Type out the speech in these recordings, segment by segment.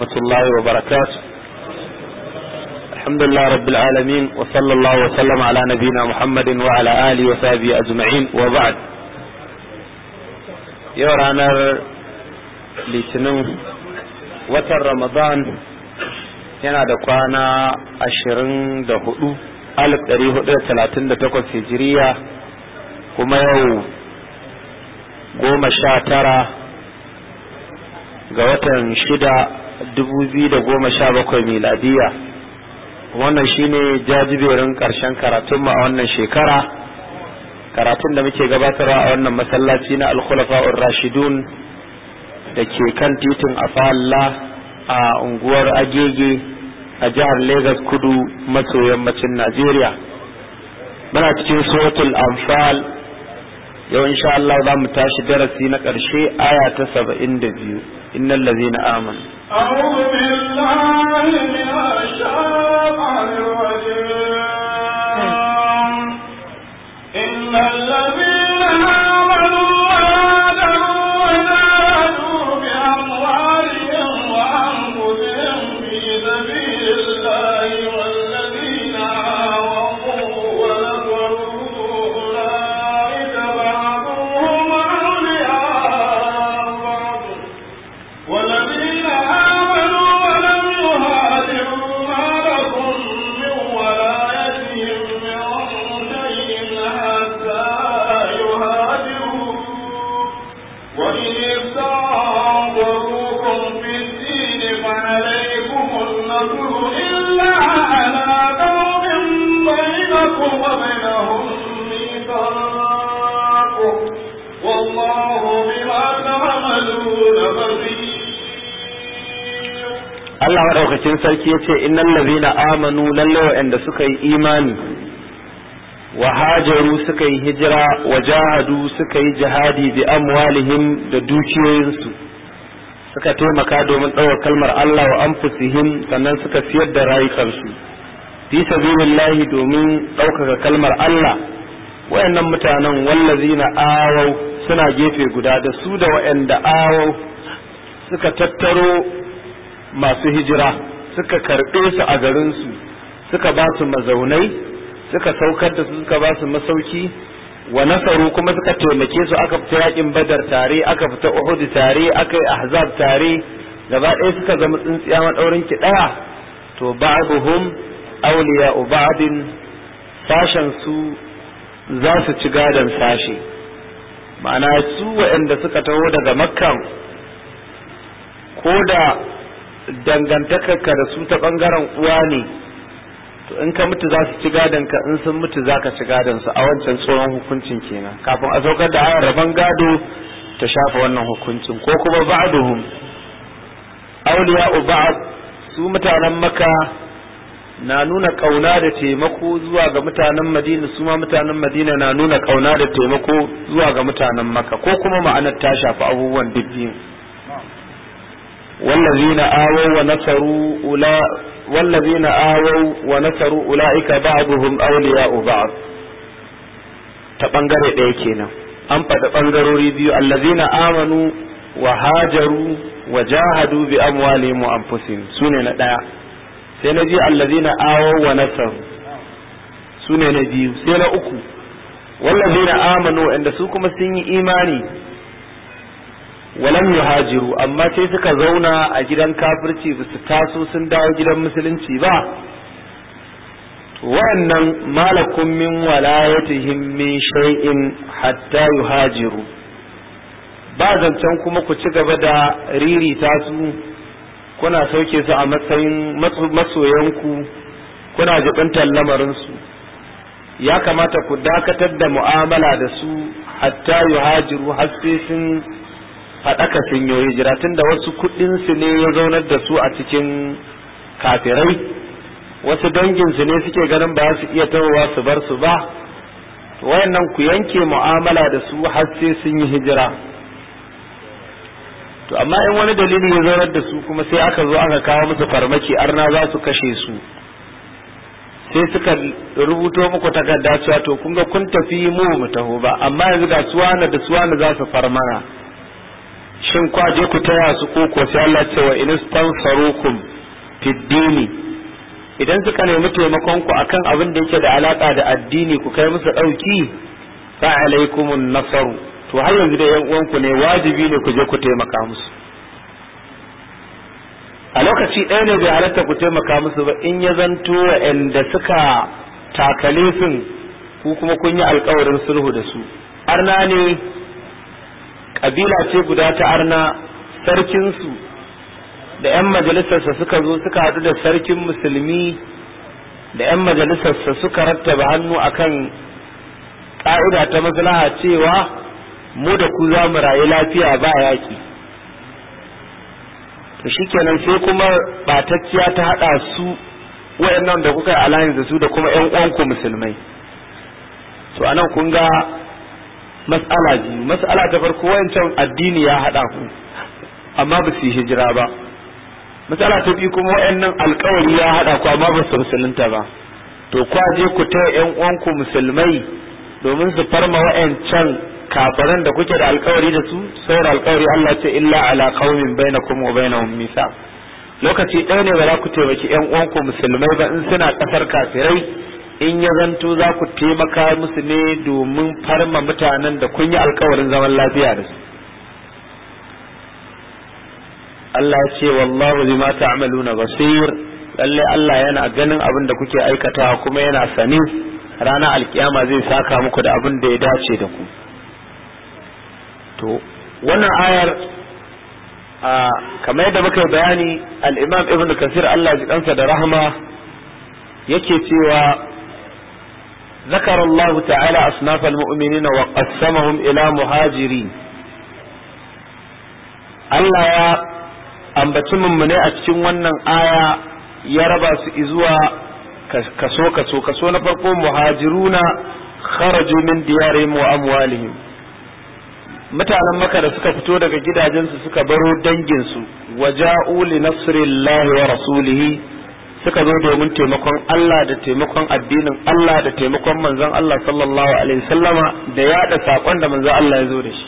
ورحمة الله وبركاته الحمد لله رب العالمين وصلى الله وسلم على نبينا محمد وعلى آله وصحبه أجمعين وبعد yau ranar litinin watan ramadan yana da kwana ashirin da hudu alif dari hudu da talatin da takwas hijiriya kuma yau goma sha tara ga watan shida 2017 miladiya wannan shine jajiberin karshen karatun a wannan shekara karatun da muke gabatarwa a wannan masallaci na al rashidun da ke kan titin a afalla a unguwar agege a jihar Legas kudu maso yammacin Najeriya muna cikin suratul anfal yau sha Allah za mu tashi darasi na ƙarshe aya ta saba'in da biyu innal na amanu madaukakin sarki yace innal ladhina amanu lalle wa'anda suka yi imani wa hajaru suka yi hijira wa jahadu suka yi jihadi bi amwalihim da dukiyoyinsu suka taimaka domin tsawar kalmar Allah wa anfusihim sannan suka siyar da rayukansu fi sabilillahi domin ɗaukaka kalmar Allah wayannan mutanen wallazina awau suna gefe guda da su da wayanda awau suka tattaro masu hijira suka karɓe su a garinsu suka ba su mazaunai suka saukar da su suka ba su masauki wa nasaru kuma suka taimake su aka fita yakin badar tare aka fita uhud tare aka yi ahzab tare gaba ɗaya suka zama tsintsiya maɗaurin ki ɗaya to ba'duhum awliya ubadin sashen su za su ci gadon sashe ma'ana su waɗanda suka taho daga makkah ko da dangantakarka da su ta bangaren uwa ne to in ka mutu za su ci gadon ka in sun mutu za ka ci gadon su a wancan tsoron hukuncin kenan kafin a saukar da ayar ban gado ta shafa wannan hukuncin ko kuma ba'duhum u ba'd su mutanen maka na nuna kauna da taimako zuwa ga mutanen madina su ma mutanen madina na nuna kauna da taimako zuwa ga mutanen maka ko kuma ma'anar ta shafi abubuwan duk والذين آووا ونصروا أولا والذين آووا ونصروا أولئك بعضهم أولياء بعض تبنغر إيكينا أم فتبنغروا ريبيو الذين آمنوا وهاجروا وجاهدوا بأموالهم وأنفسهم سنة لا سنجي الذين آووا ونصروا سنة نجيو سنة أكو والذين آمنوا عند سوكم سنة إيماني walam yuhajiru amma sai suka zauna a gidan kafirci ba su taso sun dawo gidan musulunci ba wa'annan malakum min walayatihim min shay'in hatta yuhajiru ba zancen kuma ku ci gaba da ririta su kuna sauke su a matsayin masoyanku kuna jibantar lamarinsu ya kamata ku dakatar da mu'amala da su hatta yuhajiru har sun faɗaka sun yi hijira tunda wasu kuɗinsu ne ya zaunar da su a cikin kafirai wasu dangin su ne suke ganin ba su iya tawowa su bar su ba wayannan ku yanke mu'amala da su har sai sun yi hijira to amma in wani dalili ya zaunar da su kuma sai aka zo aka kawo musu farmaki arna za su kashe su sai suka rubuto muku takarda cewa to kun ga kun tafi mu mu taho ba amma yanzu ga suwana da suwana za su farmana shin kwa je ku taya su ko ko sai Allah ce wa in istansarukum fid dini idan suka nemi taimakon ku akan abin da yake da alaka da addini ku kai musu dauki fa alaikumun nasaru to har yanzu da yan uwanku ne wajibi ne ku je ku taimaka musu a lokaci ɗaya ne bai halatta ku taimaka musu ba in ya zanto wa'anda suka takale sun ku kuma kun yi alkawarin sulhu da su arna ne kabila ce guda ta arna sarkinsu da 'yan majalisarsa suka zo suka haɗu da sarkin musulmi da 'yan majalisarsa suka rattaba hannu akan ƙa'ida ta maslaha cewa mu da ku za mu rayu lafiya ba yaƙi to shikenan sai kuma batacciya ta haɗa su waɗannan da kuka yi alliance da su da kuma 'yan uwanku musulmai to anan kun ga mas'ala biyu mas'ala ta farko wancan addini ya haɗa ku amma ba su yi hijira ba mas'ala ta biyu kuma wayannan alkawari ya haɗa ku amma ba su musulunta ba to kwa je ku ta yan uwanku musulmai domin su farma wayancan kafiran da kuke da alkawari da su saura alkawari Allah ce illa ala qaumin bainakum wa bainahum misa lokaci ɗaya ne ba za ku taimaki yan uwanku musulmai ba in suna ƙasar kafirai in ya zanto za ku taimaka musu ne domin farma mutanen da kun yi alkawarin zaman lafiya da su Allah ce wallahu bima ta'maluna basir lalle Allah yana ganin abin da kuke aikatawa kuma yana sani rana alkiyama zai saka muku da abin da ya dace da ku to wannan ayar a kamar yadda muka bayani al-Imam Ibn Kathir Allah ya kansa da rahama yake cewa ذكر الله تعالى أصناف المؤمنين وقسمهم إلى مهاجرين Allah ya ambaci mummune a cikin wannan aya ya raba su izuwa kaso kaso kaso na farko muhajiruna kharaju min diyarihim wa amwalihim mutanen maka da suka fito daga gidajensu suka baro danginsu waja'u li nasrillahi wa rasulihi suka zo domin taimakon Allah da taimakon addinin Allah da taimakon manzon Allah sallallahu alaihi sallama da yada sakon da manzon Allah ya zo da shi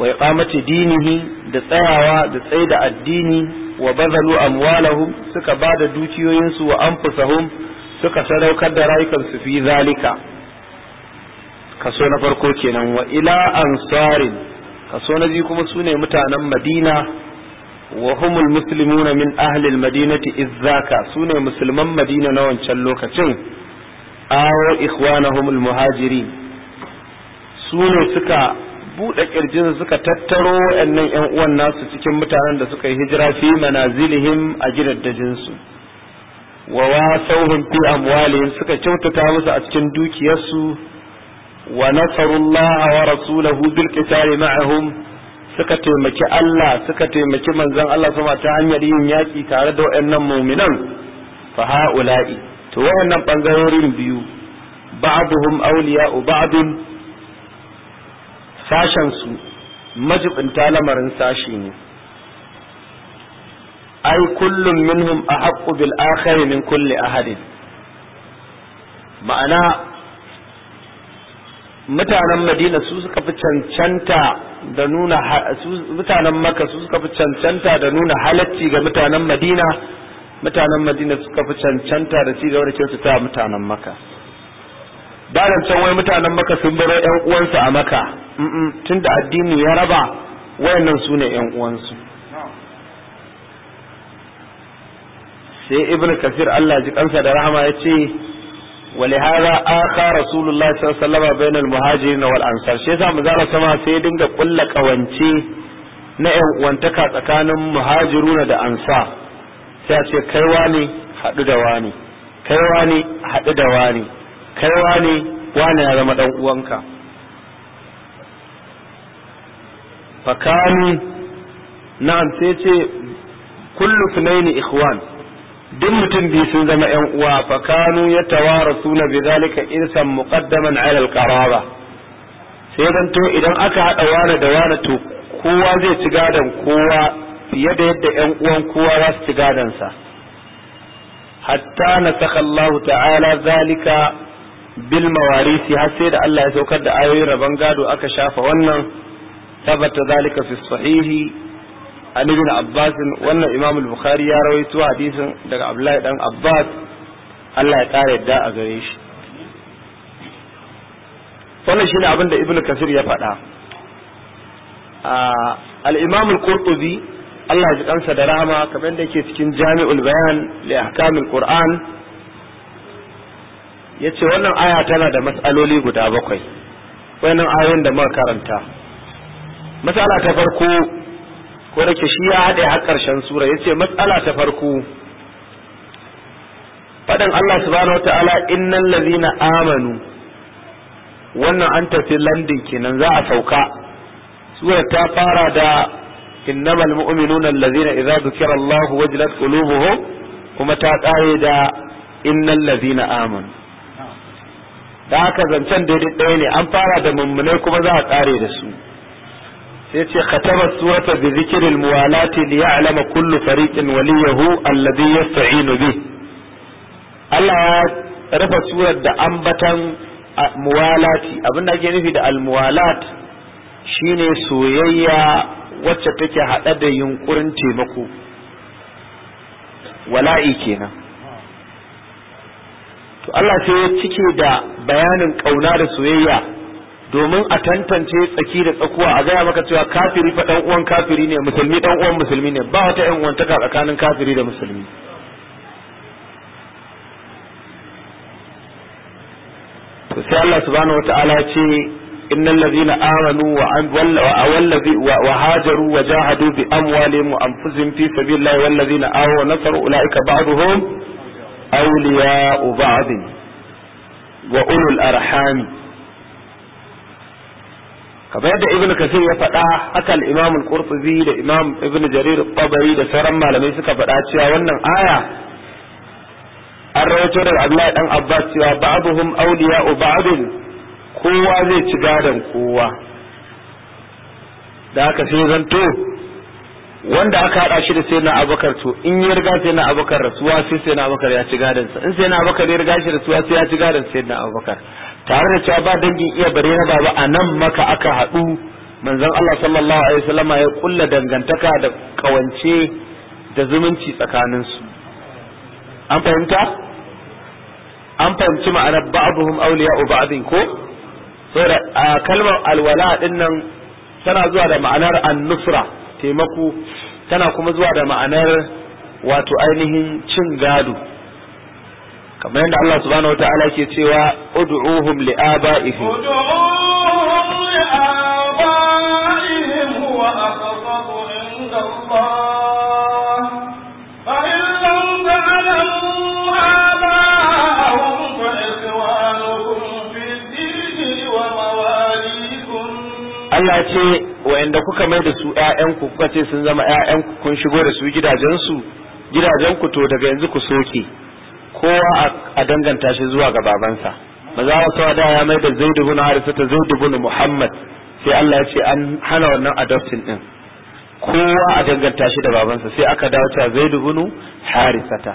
wa iqamati dinihi da tsayawa da tsaida addini wa bazalu amwalahum suka bada dukiyoyinsu wa anfusahum suka sadaukar da rayukansu fi zalika kaso na farko kenan wa ila ansarin kaso na biyu kuma sune mutanen Madina wa humul muslimuna min ahli almadinati izzaka sune musulman madina na wancan lokacin awo ikhwanahum almuhajirin sune suka buɗe ƙirjin suka tattaro waɗannan ‘yan uwan nasu cikin mutanen da suka yi hijira fi manazilihim a gidaddajinsu wa wasauhum fi amwalihim suka kyautata musu a cikin dukiyarsu wa nasarullah wa rasulahu bil qitali ma'ahum suka taimaki Allah suka taimaki manzon Allah sama ta hanyar yin yaki tare da waɗannan mu'minan fa haula'i to waɗannan bangarorin biyu ba'duhum awliya'u ba'dun sashen su majibinta lamarin sashi ne ai kullum minhum ahaqqu bil akhari min kulli ahadin ma'ana mutanen Madina su suka fi cancanta da nuna mutanen maka su suka fi cancanta da nuna halacci ga mutanen madina mutanen madina suka fi cancanta da ci da da ta mutanen maka da can wai mutanen maka sun bar yan uwansu a maka tunda addini ya raba wayannan su ne yan uwansu sai ibnu kasir Allah ji kansa da rahama ya ce ولهذا آخى رسول الله صلى الله عليه وسلم بين المهاجرين والأنصار شيء زعم زعل سما سيدم ده كل كوانتي نعم وانتكا تكان مهاجرون ده أنصار سيأتي كيواني حد دواني كيواني حد دواني كيواني وانا هذا ما دوانك فكان نعم سيأتي كل اثنين إخوان duk mutum biyu sun zama yan uwa fa kanu yatawarasuna zalika irsan muqaddaman ala alqaraba sai dan to idan aka hada wani da wani to kowa zai ci gadan kowa fiye da yadda yan uwan kowa za su ci gadan sa hatta nasakha Allah ta'ala zalika bil mawarisi har sai da Allah ya saukar da ayoyin rabon gado aka shafa wannan tabbata zalika fi sahihi an ibn Abbas wannan Imam al-Bukhari ya rawaito hadisin daga Abdullahi dan Abbas Allah ya kare yadda a gare shi wannan shine abin da Ibn Kasir ya faɗa al-Imam al-Qurtubi Allah ya kansa da rahama kamar da yake cikin Jami'ul Bayan li ahkamil Qur'an yace wannan aya tana da matsaloli guda bakwai wannan ayoyin da muka karanta matsala ta farko ko da ke shi ya haɗe har ƙarshen sura yace matsala ta farko faɗin Allah subhanahu wataala innal ladhina amanu wannan an tafi landin kenan za a sauka sura ta fara da innamal mu'minuna alladhina idza dhukira wajilat qulubuhum kuma ta ƙare da innal ladhina amanu da haka zancen daidai ɗaya ne an fara da mummunai kuma za a ƙare da su yace kataba surata bi dhikril muwalati li ya'lama kullu fariqin waliyahu alladhi yasta'inu bi Allah ya rufe surar da ambatan muwalati abinda ake nufi da almuwalat shine soyayya wacce take hada da yunkurin taimako wala'i kenan to Allah sai ya cike da bayanin kauna da soyayya domin a tantance tsaki da tsakuwa a gaya maka cewa kafiri fa dan uwan kafiri ne musulmi dan uwan musulmi ne ba wata yan uwantaka tsakanin kafiri da musulmi to sai Allah subhanahu wataala ce innal ladhina amanu wa wallazi wa hajaru wa jahadu bi amwalihim wa anfusihim fi sabilillahi wal ladhina awaw nasaru ulaika ba'dhum awliya'u ba'd wa ulul arhami kamar yadda ibnu kasir ya faɗa haka al-imam al-qurtubi da imam ibnu jarir al-tabari da sauran malamai suka faɗa cewa wannan aya an rawaito daga Abdullahi dan Abbas cewa ba'dhum awliya'u ba'd kowa zai ci gadon kowa da haka sai zanto wanda aka hada shi da sai na abakar to in ya riga sai na abakar rasuwa sai sai na abakar ya ci gadon sa in sai na abakar ya riga shi rasuwa sai ya ci gadon sai na abakar tare da cewa ba dangin iya bare na baba a nan maka aka haɗu manzon Allah sallallahu alaihi wasallama ya kulla dangantaka da kawance da zumunci tsakaninsu an fahimta an fahimci ma'anar ba'abuhum awliya'u ba'din ko saboda a kalmar alwala din nan tana zuwa da ma'anar an-nusra taimako tana kuma zuwa da ma'anar wato ainihin cin gado kamar yadda Allah subhanahu ta'ala ke cewa ud'uhum li abaihim Allah ce wa'anda kuka mai da su ‘ya'yanku kuka ce sun zama ‘ya'yanku kun shigo da su gidajensu gidajenku to daga yanzu ku soke kowa a danganta shi zuwa ga babansa maza wasu da ya mai da dubu na harisa ta dubu na muhammad sai Allah ya ce an hana wannan adoption din kowa a danganta shi da babansa sai aka dawo cewa dubu bin harisata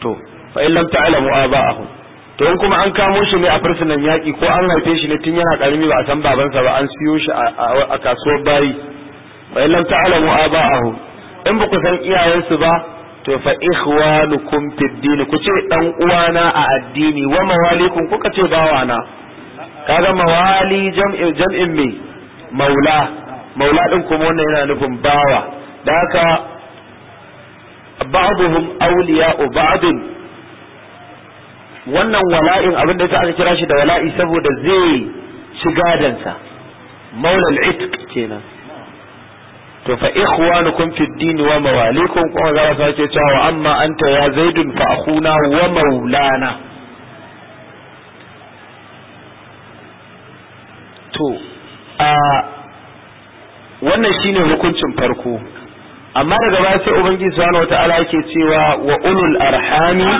to fa in lam ta'lamu aba'ahum to in kuma an kamo shi ne a fursunan yaki ko an haife shi ne tun yana karami ba a san babansa ba an siyo shi a kasuwar bayi fa in lam ta'lamu aba'ahum in ba ku san iyayensu ba to fa ikhwanukum fid din ku ce dan uwana a addini wa mawalikum kuka ce bawana kaga mawali jam'in jam'in me maula maula din kuma wannan yana nufin bawa da haka ba'dhum awliya'u ba'd wannan wala'in abin da aka kira shi da wala'i saboda zai shiga dansa maulal itq kenan to fa ikhwanukum fi din wa mawalikum kuma za su sake cewa amma anta ya zaidun fa akhuna wa maulana to a wannan shine hukuncin farko amma daga baya sai ubangiji subhanahu wataala yake cewa wa ulul arhami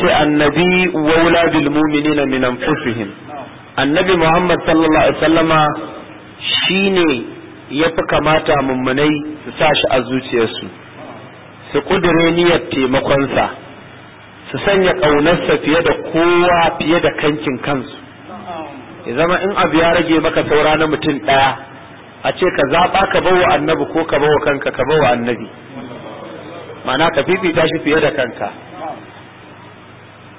ce annabi wa wuladul mu'minina min anfusihim annabi Muhammad sallallahu alaihi wasallama shine yafi kamata mummunai su sa shi a zuciyarsu su kudure niyyar taimakonsa su sanya ƙaunarsa fiye da kowa fiye da kankin kansu ya zama in abu ya rage maka saura na mutum ɗaya a ce ka zaɓa ka bawa annabi ko ka bawa kanka ka bawa annabi ma'ana ka fifita shi fiye da kanka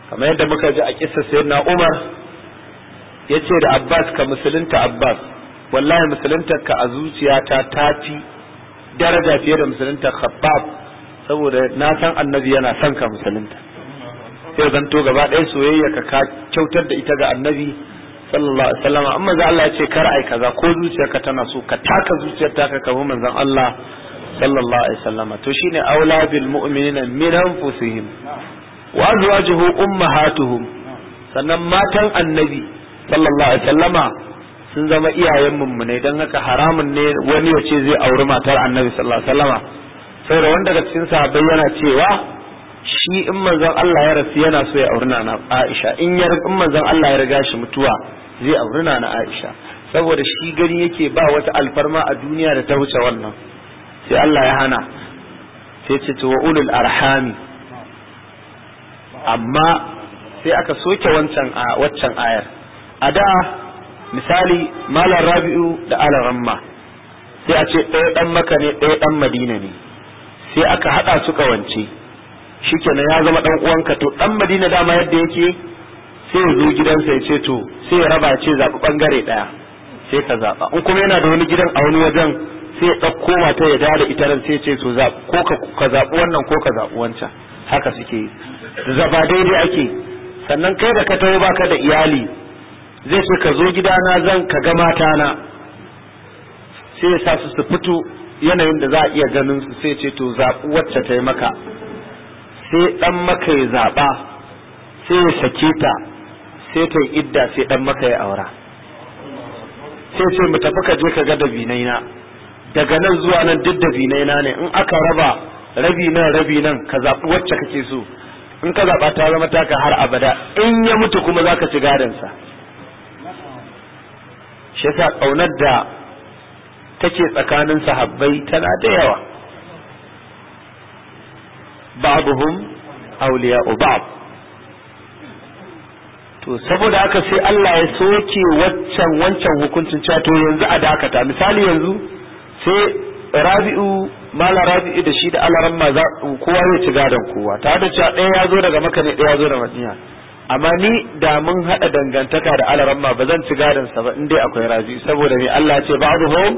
kamar yadda muka ji a kissa sayyidina Umar yace da Abbas ka musulunta Abbas wallahi musulunta ka a zuciyata ta fi daraja fiye da musulunta Khabbab saboda na san annabi yana son ka musulunta sai zanto gaba ɗaya soyayya ka ka kyautar da ita ga annabi sallallahu alaihi wasallam amma za Allah ya ce kar ai kaza ko zuciyarka tana so ka taka zuciyarta ka bi manzon Allah sallallahu alaihi wasallam to shine aula bil mu'minina min anfusihim wa azwajuhu ummahatuhum sannan matan annabi sallallahu alaihi wasallama sun zama iyayen ne don haka haramun ne wani ya ce zai auri matar annabi sallallahu alaihi wasallama sai da wanda daga cikin sahabbai yana cewa shi in manzon Allah ya rasu yana so ya auri nana Aisha in ya in manzon Allah ya riga shi mutuwa zai auri nana Aisha saboda shi gani yake ba wata alfarma a duniya da ta wuce wannan sai Allah ya hana sai ce to ulul arhami amma sai aka soke wancan a waccan ayar a da misali malar rabi'u da Ramma sai a ce ɗaya ɗan maka ne ɗaya ɗan madina ne sai aka haɗa su kawance shikenan ya zama ɗan uwanka to ɗan madina dama yadda yake sai ya zo gidansa ya ce to sai ya raba ce zaɓi ɓangare ɗaya sai ka zaɓa in kuma yana da wani gidan a wani wajen sai ya ɗauko mata ya dawo da ita ran sai ya ce to ko ka zaɓi wannan ko ka zaɓi wancan haka suke yi zaba daidai ake sannan kai da ka tawo baka da iyali zai ce ka zo gidana zan ka ga matana sai ya sa su su fito yanayin da za a iya ganin su sai ce to zaɓi wacce ta yi maka sai ɗan maka ya zaɓa sai ya sake ta sai ta yi idda sai ɗan maka ya aura sai ce mu tafi ka je ka ga da daga nan zuwa nan duk dabinaina ne in aka raba rabi nan rabi nan ka zaɓi wacce kake so in ka zaɓa ta zama taka har abada in ya mutu kuma za ka ci gadonsa shi sa ƙaunar da take tsakanin sahabbai tana da yawa babuhum awliya'u ubab to saboda haka sai Allah ya soke waccan wancan hukuncin cewa to yanzu a dakata misali yanzu sai rabi'u mala rabi'u da shi da alaran ma kowa ya ci gadon kowa ta da cewa ɗaya ya zo daga maka ne ɗaya ya zo da madina amma ni da mun haɗa dangantaka da alaran ma ba zan ci gadon sa ba in dai akwai rabi'u saboda me Allah ce ba'dhum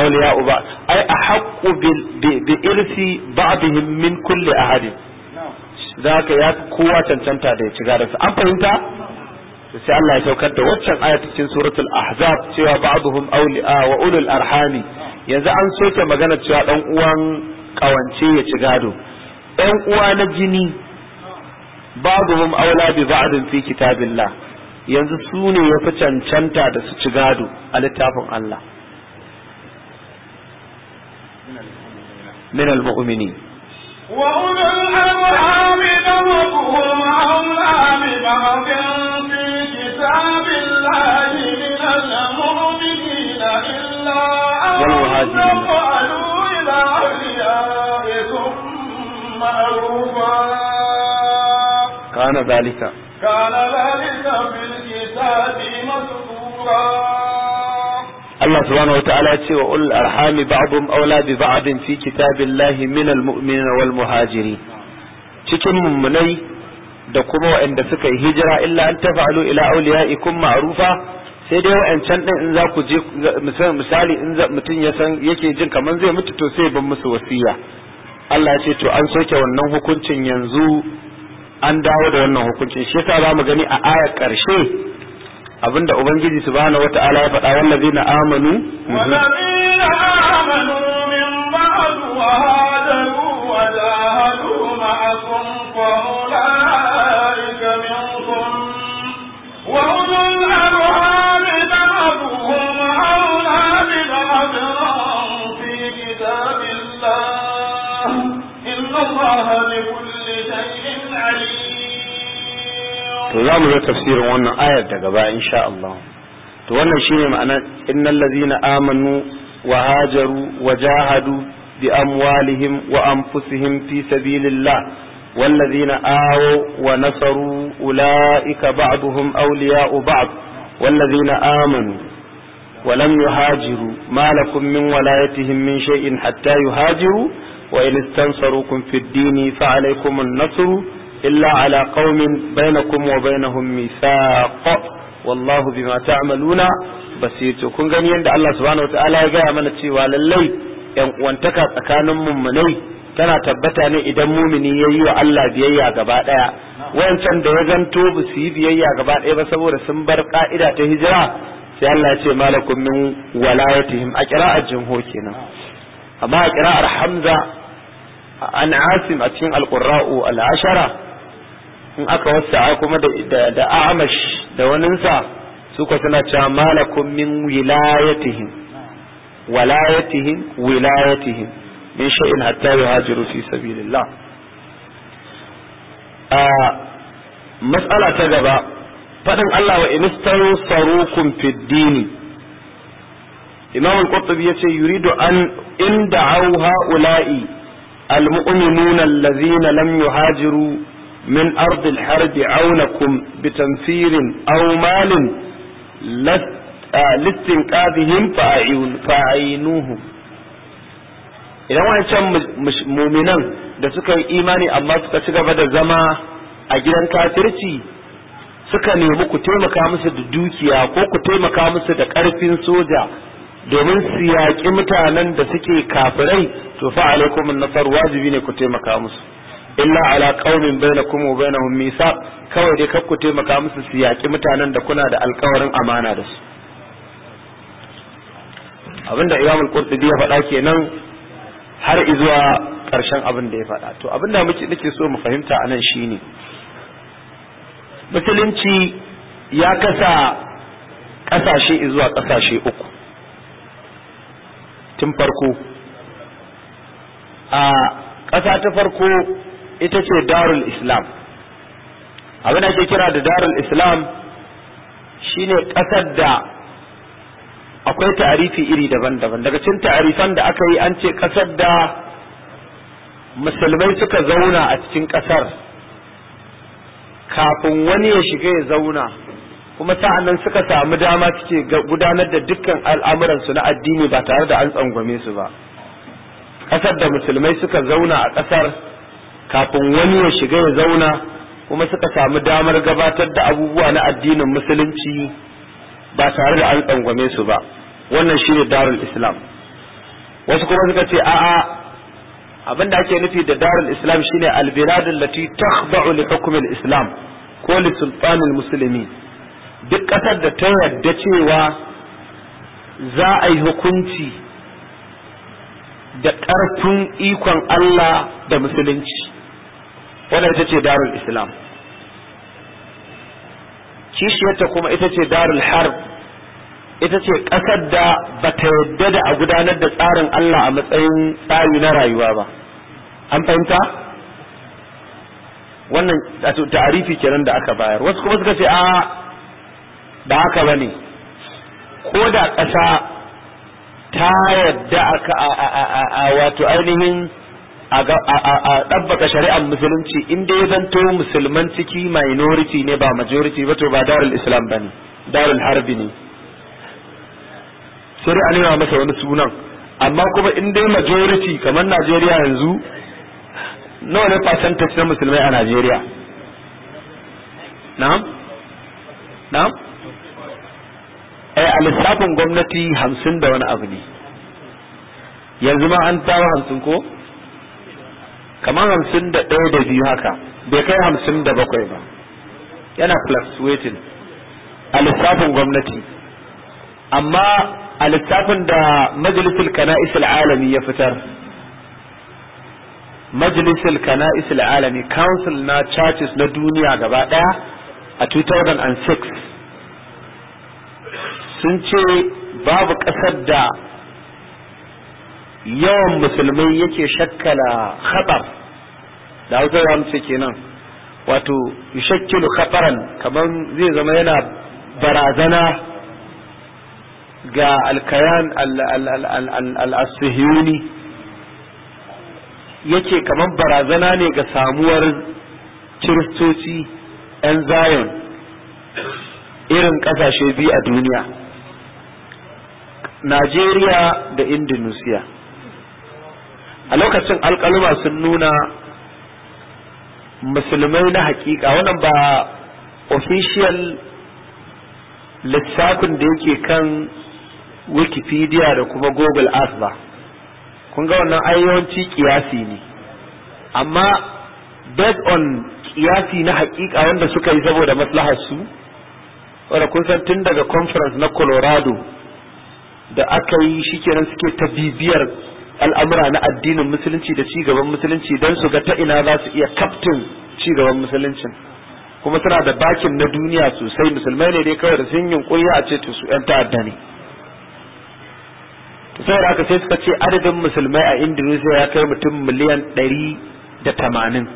awliya'u ba ai ahaqqu bil bi irsi ba'dihim min kulli ahadin zaka ya kowa cancanta da ya ci gadon sa an fahimta sai Allah ya saukar da waccan aya cikin suratul ahzab cewa ba'dhum awliya wa ulul arhami yanzu an soke magana cewa ɗan uwan kawance ya ci gado ɗan uwa na jini ba'dhum aula bi ba'din fi kitabillah yanzu su ne ya fi cancanta da su ci gado a littafin Allah min al-mu'minin wa ulul arhami ba'dhum aula bi ba'din fi كان ذلك كان ذلك في الكتاب مذكورا الله سبحانه وتعالى يقول الأرحام بعضهم أولى ببعض في كتاب الله من المؤمنين والمهاجرين تكم مني دكما وإن دفك هجرة إلا أن تفعلوا إلى أوليائكم معروفا sai dai wa'ancan ɗin in za ku je misali in mutum ya san yake jin kamar zai mutu to sai ban musu wasiya Allah ya ce to an soke wannan hukuncin yanzu an dawo da wannan hukuncin shi yasa za mu gani a ayar ƙarshe abinda ubangiji subhanahu wata'ala ya faɗa wallazina amanu wallazina amanu to za mu zo tafsirin wannan ayar daga baya insha Allah to wannan shine ma'ana innal ladzina amanu wa hajaru wa jahadu bi amwalihim wa anfusihim fi sabilillah والذين آووا ونصروا أولئك بعضهم أولياء بعض والذين آمنوا ولم يهاجروا ما لكم من ولايتهم من شيء حتى يهاجروا وإن استنصروكم في الدين فعليكم النصر إلا على قوم بينكم وبينهم ميثاق والله بما تعملون بصير kun gani yadda Allah subhanahu wataala ya gaya mana cewa lallai yan uwantaka tsakanin mummunai tana tabbata ne idan mumini ya yi wa Allah biyayya gaba ɗaya wayancan da ya zanto ba yi biyayya gaba ɗaya ba saboda sun bar ƙa'ida ta hijira sai Allah ya ce malakum min walayatihim a qira'ar jumhur kenan amma a qira'ar Hamza an Asim a cikin al-Qurra'u al-Ashara in aka wasa kuma da amash da waninsa su ko suna cewa malakum min wilayatihim walayatihim wilayatihim min shay'in hatta yuhajiru fi sabilillah a mas'ala ta gaba faɗin Allah wa inistawsarukum fid dini imam al-qurtubi yace yuridu an in ha'u ha'ula'i al-mu'minuna alladhina lam yuhajiru من أرض الحرب عونكم بتنفير أو مال لاستنقاذهم فأعينوهم idan مش muminan da suka yi imani amma suka ci gaba da zama a gidan kafirci suka nemi ku taimaka musu da dukiya ko ku taimaka musu da ƙarfin soja domin su yaƙi mutanen da suke kafirai to fa alaikum nasar wajibi ne ku taimaka musu illa ala qaumin bainakum wa bainahum misa kawai dai kakku taimaka musu su yaki mutanen da kuna da alƙawarin amana da su abinda Imam al-Qurtubi ya faɗa kenan har izuwa ƙarshen abin da ya faɗa to abinda muke nake so mu fahimta anan shine musulunci ya kasa ƙasashe zuwa ƙasashe uku tun farko a ƙasa ta farko ita ce darul islam abin da ake kira da darul islam shine kasar da akwai ta'arifi iri daban-daban daga cikin ta'arifan da aka yi an ce kasar da musulmai suka zauna a cikin kasar kafin wani ya shiga ya zauna kuma sa'an nan suka samu dama suke gudanar da dukkan al'amuransu na addini ba tare da an tsangwame su ba ƙasar da musulmai suka zauna a ƙasar kafin wani ya shiga ya zauna kuma suka samu damar gabatar da abubuwa na addinin musulunci ba tare da an tsangwame su ba wannan shine darul islam wasu kuma suka ce a'a abinda ake nufi da darul islam shine albiladul lati takhda'u li islam ko li sultanil duk kasar da ta yadda cewa za a yi hukunci da ƙarfin ikon Allah da musulunci wannan ita ce darul islam kishiyarta kuma ita ce darul harb ita ce ƙasar da ba ta yadda da a gudanar da tsarin Allah a matsayin tsari na rayuwa ba an fahimta wannan ta'arifi kenan da aka bayar wasu kuma suka ce a da haka bane ko da ƙasa ta yadda aka a wato ainihin a ɗabbaka shari'ar musulunci in dai zanto musulman ciki minority ne ba majority ba to ba darul islam ba ne darul harbi ne sai an yi wa masa wani sunan amma kuma in dai majority kamar najeriya yanzu nawa ne percentage na musulmai a najeriya na'am na'am eh a lissafin gwamnati hamsin da wani abu ne yanzu ma an tawo hamsin ko kamar hamsin da ɗaya da biyu haka bai kai hamsin da bakwai ba yana fluctuating a lissafin gwamnati amma a lissafin da majalisul kana'isul alami ya fitar majalisul kana'isul alami council na churches na duniya gaba ɗaya a 2006 sun ce babu ƙasar da yawan musulmai yake shakkala khatar da hausa ya mutu kenan wato shakkilu khataran kamar zai zama yana barazana ga alkayan al yake kamar barazana ne ga samuwar kiristoci 'yan zion irin kasashe biyu a duniya Najeriya da Indonesia a lokacin alkaluma sun nuna musulmai na hakika wannan ba official lissafin da yake kan wikipedia da kuma google earth ba kun ga wannan ayyawanci kiyasi ne amma based on kiyasi na hakika wanda suka yi saboda maslahar su wanda kun san tun daga conference na colorado da aka yi shikenan suke ta bibiyar al'amura na addinin musulunci da ci gaban musulunci don su ga ta ina za su iya kaftin ci gaban musuluncin kuma suna da bakin na duniya sosai musulmai ne dai kawai da sun yunkuri a ce to su yan ta'adda ne da aka sai suka ce adadin musulmai a Indonesia ya kai mutum miliyan ɗari da tamanin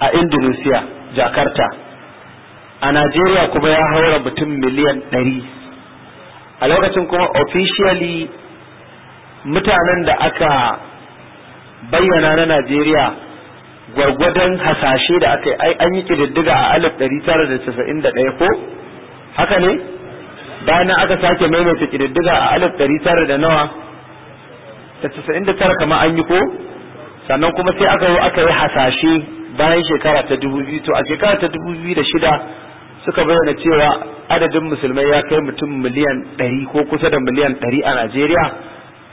a Indonesia Jakarta a Najeriya kuma ya haura mutum miliyan ɗari a lokacin kuma officially mutanen da aka bayyana na Najeriya gwargwadon hasashe da aka yi an yi kididdiga a alif ɗari tara da casa'in da ɗaya ko haka ne bayan aka sake maimaita kididdiga a alif ɗari tara da nawa da casa'in da tara kama an yi ko sannan kuma sai aka yi aka yi hasashe bayan shekara ta dubu biyu to a shekara ta dubu biyu da shida suka bayyana cewa adadin musulmai ya kai mutum miliyan ɗari ko kusa da miliyan ɗari a Najeriya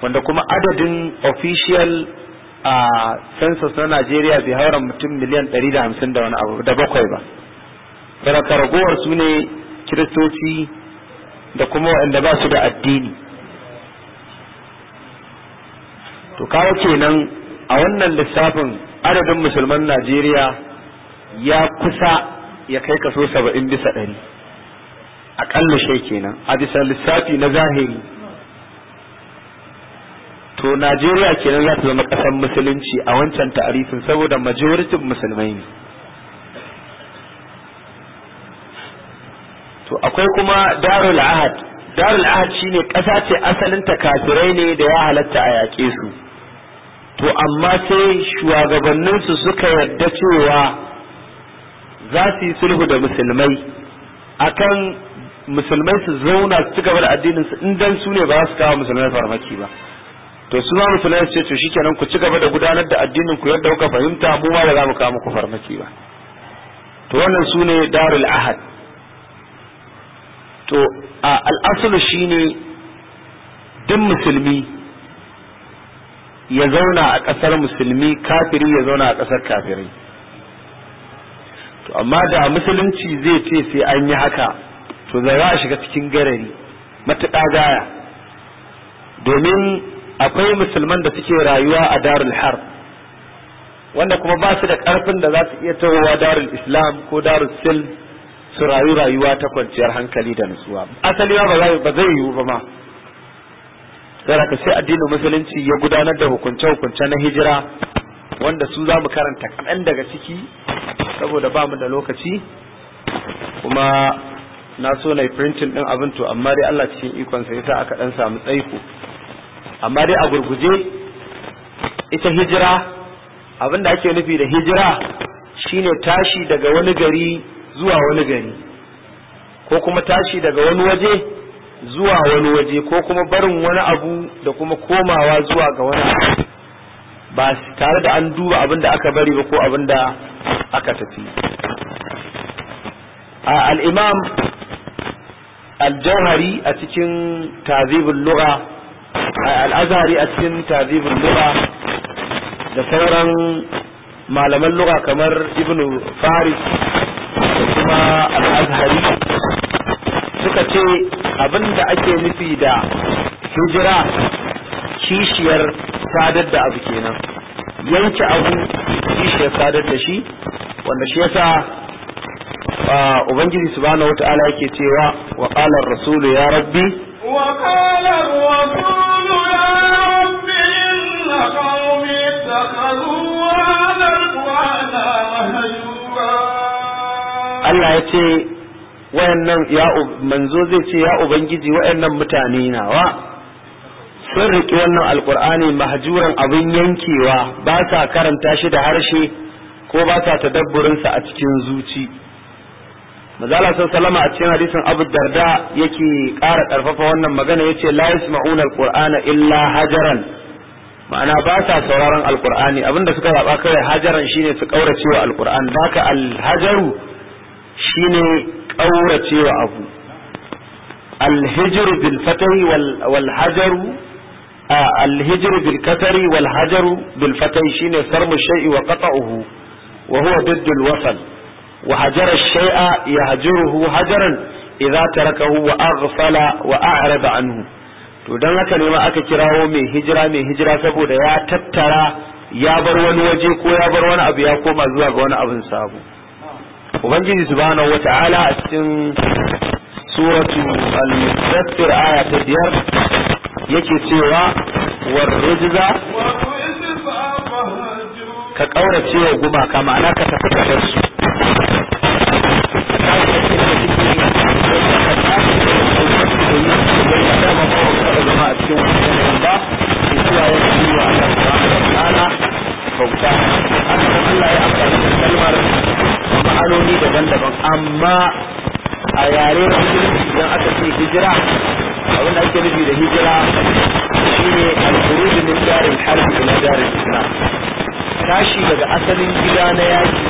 wanda kuma adadin official a census na Najeriya bai haura mutum miliyan 150 da wani abu da bakwai ba saraka ragowar su ne kiristoci da kuma wanda ba su da addini to kawo kenan a wannan lissafin adadin musulman Najeriya ya kusa ya kai kaso 70 bisa 100 aƙalla shai kenan a bisa lissafi na zahiri to Najeriya kenan za ta zama ƙasar musulunci a wancan ta'arifin saboda majoritin musulmai ne to akwai kuma darul ahad darul ahad shine ƙasa ce asalin ta kafirai ne da ya halatta a yaƙe su to amma sai shugabanninsu suka yarda cewa za su yi sulhu da musulmai akan musulmai su zauna su ci gaba da addinin su in dan su ne ba za su kawo musulmai farmaki ba to su zamu su ce to shikenan ku ci gaba da gudanar da addinin ku yadda kuka fahimta mu ma ba za mu kawo muku farmaki ba to wannan su ne darul ahad to al'asulu ne duk musulmi ya zauna a ƙasar musulmi kafiri ya zauna a ƙasar kafirai to amma da musulunci zai ce sai an yi haka to za a shiga cikin garari matuƙa gaya domin akwai musulman da suke rayuwa a darul har wanda kuma ba su da karfin da za su iya tawowa darul islam ko darul sil su rayu rayuwa ta kwanciyar hankali da nutsuwa asali ba zai yiwu ba ma saboda sai addinin musulunci ya gudanar da hukunce-hukunce na hijira wanda su zamu karanta kaɗan daga ciki saboda ba mu da lokaci kuma na so na yi printing ɗin abin to amma dai Allah cikin ikonsa ya sa aka ɗan samu tsaiko amma dai a gurguje ita hijira abinda ake nufi da hijira shine tashi daga wani gari zuwa wani gari ko kuma tashi daga wani waje zuwa wani waje ko kuma barin wani abu da kuma komawa zuwa ga wani abu ba tare da an duba abin da aka bari ba ko abin da aka tafi a al'imam al-jauhari a cikin tazibin lura al'azari a cikin tazibin lura da sauran malaman lura kamar Ibn faris da kuma al'azari, suka ce abin da ake nufi da hijira kishiyar sadar da abu kenan yanke abu kishiyar sadar da shi wanda shi yasa ubangiji subhanahu wata'ala yake cewa wa qala ar-rasulu ya rabbi wa qala Allah ya ce wayannan ya manzo zai ce ya ubangiji wayannan mutane nawa sun riki wannan alqur'ani mahjuran abin yankewa ba sa karanta shi da harshe ko ba sa tadabburin sa a cikin zuci mazala sun salama a cikin hadisin abu darda yake ƙara ƙarfafa wannan magana yace la yasma'una alqur'ana illa hajaran ma'ana ba sa sauraron alqur'ani abinda suka zaba kawai hajaran shine su kaurace wa alqur'an baka alhajaru shine kauracewa abu alhijru Bilkatari walhajaru. wal hajaru alhijru shine sarmu shay'i wa qata'uhu wa huwa diddul wasal wa hajara shay'a yahjuruhu hajaran idza tarakahu wa aghfala wa a'rada anhu to dan haka ne ma aka kirawo mai hijira mai hijira saboda ya tattara ya bar wani waje ko ya bar wani abu ya koma zuwa ga wani abin sabo ubangiji subhanahu wata'ala a cikin suratu al-mudaththir aya ta biyar yake cewa war rujza ka kaurace wa gumaka ma'ana ka tafi ka su ma'anoni daban-daban amma a yare na musulunci idan aka ce hijira abin da ake nufi da hijira shine al-khuruj min daril harb ila daril islam tashi daga asalin gida na yaki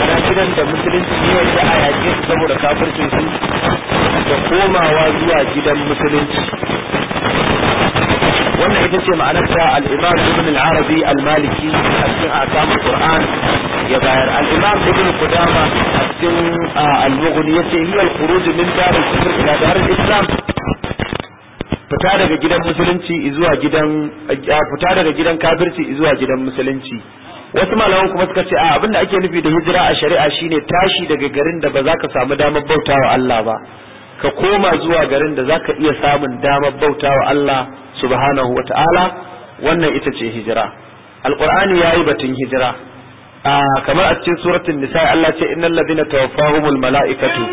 ana gidan da musulunci ne wanda a yaƙe su saboda kafircin su da komawa zuwa gidan musulunci wannan ita ce ma'anarta al-imam ibn al-arabi al-maliki a cikin akam al-qur'an ya bayar al-imam ibn qudama a cikin al-mughni yace hiya al-khuruj min dar al-kufr ila dar al-islam fita daga gidan musulunci zuwa gidan fita daga gidan kafirci zuwa gidan musulunci wasu malaman kuma suka ce a abin da ake nufi da hijira a shari'a shine tashi daga garin da ba za ka samu damar bautawa Allah ba ka koma zuwa garin da za ka iya samun damar bautawa Allah subhanahu wa ta'ala wannan ita ce hijira alqur'ani yayi batun hijira kamar a cikin suratul nisa Allah ce innal ladina tawaffahumul malaikatu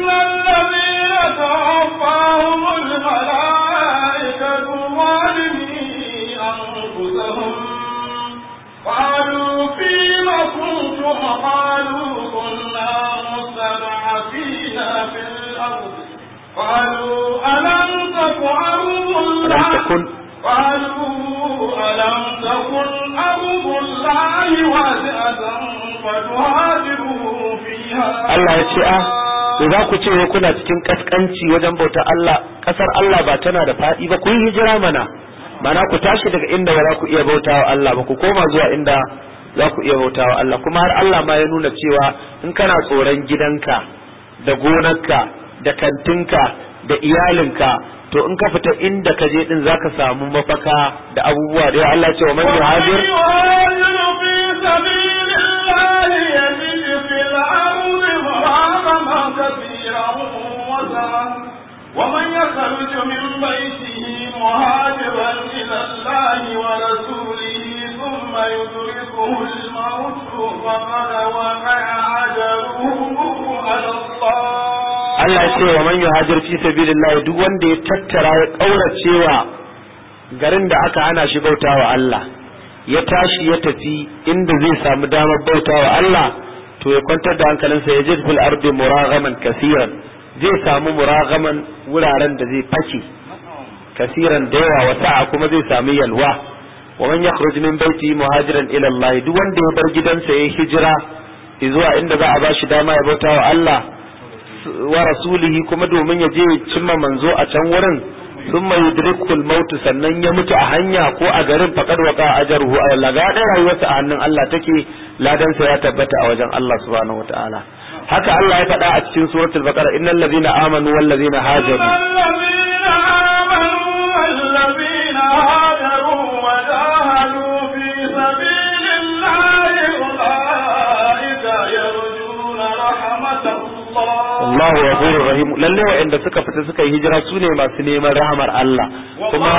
قالوا فيم كنتم قالوا كنا مستضعفين في الأرض قالوا ألم تك أول Allah ya ce a to za ku ce kuna cikin kaskanci wajen bauta Allah kasar Allah ba tana da faɗi ba kun hijira mana mana ku tashi daga inda ba za ku iya bautawa Allah ba ku koma zuwa inda za ku iya bautawa Allah kuma har Allah ma ya nuna cewa in kana tsoron gidanka da gonarka da kantinka da iyalinka to in ka fita inda ka je din zaka samu mafaka da abubuwa da Allah ya ce wa man yuhajir ومن يخرج من بيته مهاجرا إلى الله ورسوله ثم يدركه الموت فقد وقع أجله على الله Allah ya ce wa man yuhajir fi sabilillah duk wanda ya tattara ya kauracewa garin da aka hana shi bautawa Allah ya tashi ya tafi inda zai samu damar bautawa Allah to ya kwantar da hankalinsa ya je fil ardi muragaman kasiran zai samu muragaman wuraren da zai fake kasiran da yawa wata kuma zai samu yalwa wa man yakhruj min baiti muhajiran ila Allah duk wanda ya bar gidansa ya hijira zuwa inda za a bashi dama ya bautawa Allah wa rasulihi kuma domin ya je cimma manzo a can wurin sun mai yudrikul mautu sannan ya mutu a hanya ko a garin faqad waqa ajruhu a yalla ga rayuwarsa a hannun Allah take ladansa ya tabbata a wajen Allah subhanahu wataala haka Allah ya faɗa a cikin suratul baqara innal ladina amanu wal ladina hajaru wallahu ghafurur rahim lalle wa'anda suka fita suka yi hijira su ne masu neman rahmar Allah kuma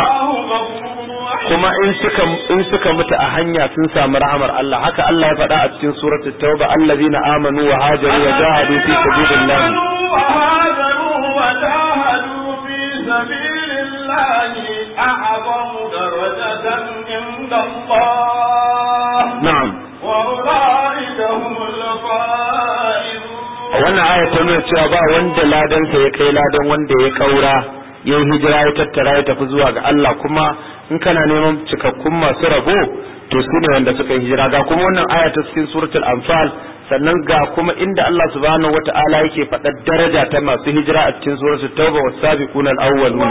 kuma in suka in suka mutu a hanya sun samu rahmar Allah haka Allah ya faɗa a cikin suratu tauba allazina amanu wa hajaru wa jahadu fi sabilillah نعم وأولئك هم الفائزون wannan aya ta nuna cewa ba wanda ladan sa ya kai ladan wanda ya kaura ya hijira ya tattara ya tafi zuwa ga Allah kuma in kana neman cikakkun masu rabo to su ne wanda suka hijira ga kuma wannan aya ta cikin suratul anfal sannan ga kuma inda Allah subhanahu wata'ala yake faɗar daraja ta masu hijira a cikin suratul tauba was sabiquna al-awwalun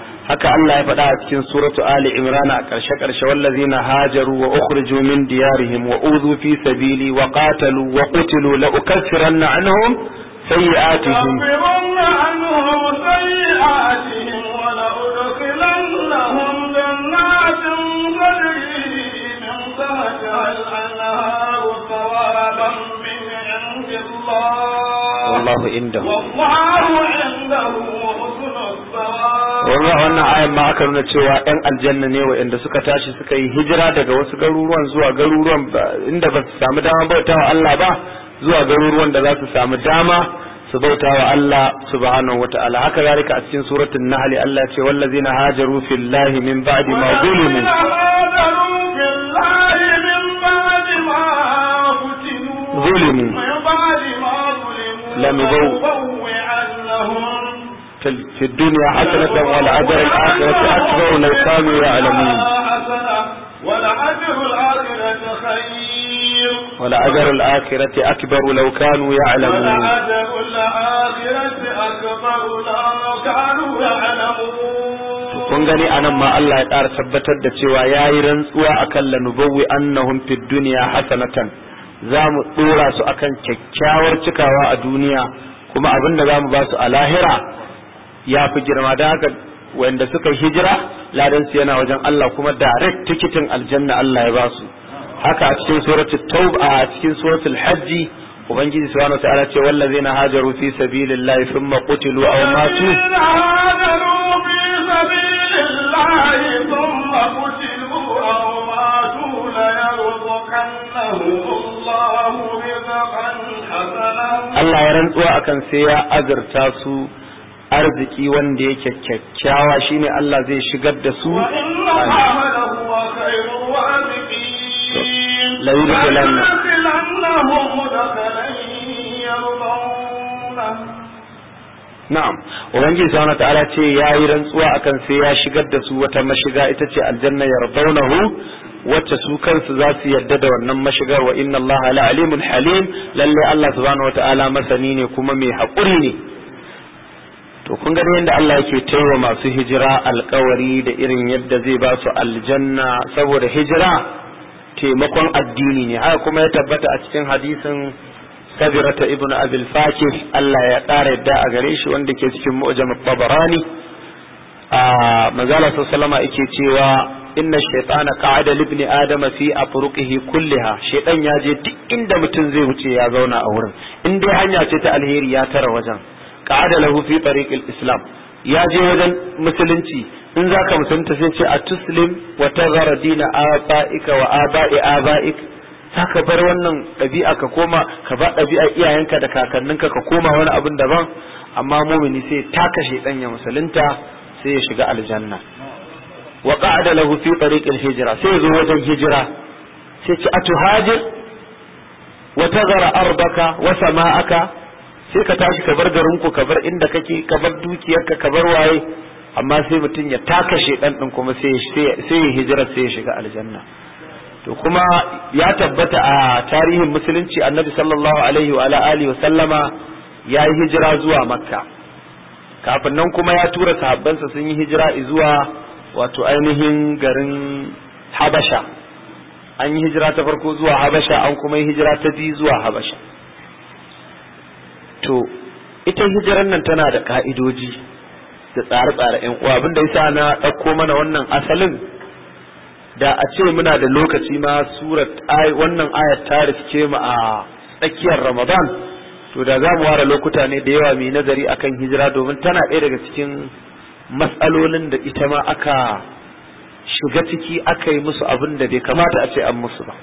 haka Allah ya faɗa a cikin suratu Ali Imran a ƙarshe ƙarshe wallazina hajaru wa ukhriju min diyarihim wa udhu fi sabili wa qatalu wa qutilu la ukaffiranna anhum sayyi'atihim والله عنده والله عنده wannan wannan ayan ma aka nuna cewa yan aljanna ne wa'anda suka tashi suka yi hijira daga wasu garuruwan zuwa garuruwan inda ba su samu dama bauta wa Allah ba zuwa garuruwan da za su samu dama su bauta wa Allah subhanahu ta'ala haka zalika a cikin suratul nahl Allah ce wallazina hajaru fillahi min ba'di ma zulimu zulimu lam في الدنيا حسنة والأجر الآخرة أكبر لو كانوا يعلمون والأجر الآخرة خير والأجر الآخرة أكبر لو كانوا يعلمون والأجر الآخرة أكبر لو كانوا يعلمون kun gani anan ma Allah ya ƙara tabbatar da cewa ya yi rantsuwa akan kan lanubawwi annahum fid duniya hasanatan za mu ɗora su akan kyakkyawar cikawa a duniya kuma abin da za mu ba su a lahira ya fi girma da haka wanda suka hijira ladan su yana wajen Allah kuma direct tikitin aljanna Allah ya ba su haka a cikin suratul tauba a cikin suratul hajji ubangiji subhanahu wa ta'ala ce wallazina hajaru fi sabilillahi thumma qutilu aw matu Allah ya rantsuwa akan sai ya azurta su arziki wanda yake kyakkyawa shine Allah zai shigar da su na'am ubangiji subhanahu ta'ala ce yi rantsuwa akan sai ya shigar da su wata mashiga ita ce aljanna yardawnahu wacce su kansu za su yarda da wannan mashigar wa inna allaha la alimun halim lalle Allah subhanahu wata'ala masani ne kuma mai haƙuri ne to kun gani yadda Allah yake taiwa masu hijira alkawari da irin yadda zai ba su aljanna saboda hijira taimakon addini ne haka kuma ya tabbata a cikin hadisin sabirata ibnu abil fakih Allah ya ƙara yadda a gare shi wanda ke cikin mu'jam tabarani a manzala sallama yake cewa inna shaytana qa'ada li ibni adama fi afruqihi kulliha shaytan ya je duk inda mutum zai wuce ya zauna a wurin in dai hanya ce ta alheri ya tara wajen qa'ada lahu fi islam ya je wajen musulunci in zaka musulunta sai ce atuslim wa tazara dina abaika wa abaik saka bar wannan ɗabi'a ka koma ka ba ɗabi'a iyayenka da kakanninka ka koma wani abin daban amma mumini sai taka shaidan ya musulunta sai ya shiga aljanna wa qa'ada lahu fi tariqil hijra sai zo wajen hijira sai ce atuhajir wa tazara ardaka wa sama'aka sai ka tashi ka garin ku kabar inda kake kabar bar dukiyarka ka bar waye amma sai mutum ya taka shedan din kuma sai sai ya hijira sai ya shiga aljanna to kuma ya tabbata a tarihin musulunci annabi sallallahu alaihi wa alihi wa sallama ya yi hijira zuwa makka kafin nan kuma ya tura sahabbansa sun yi hijira zuwa wato ainihin garin habasha an yi hijira ta farko zuwa habasha an kuma yi hijira ta biyu zuwa habasha to ita hijiran nan tana da ka'idoji da tsare-tsare yan uwa abin da yasa na ɗauko mana wannan asalin da a ce muna da lokaci ma surat wannan ayat ta rike mu a tsakiyar ramadan to da zamu mu ware lokuta ne da yawa mai nazari akan hijira domin tana ɗaya daga cikin matsalolin da ita ma aka shiga ciki aka yi musu abin da bai kamata a ce an musu ba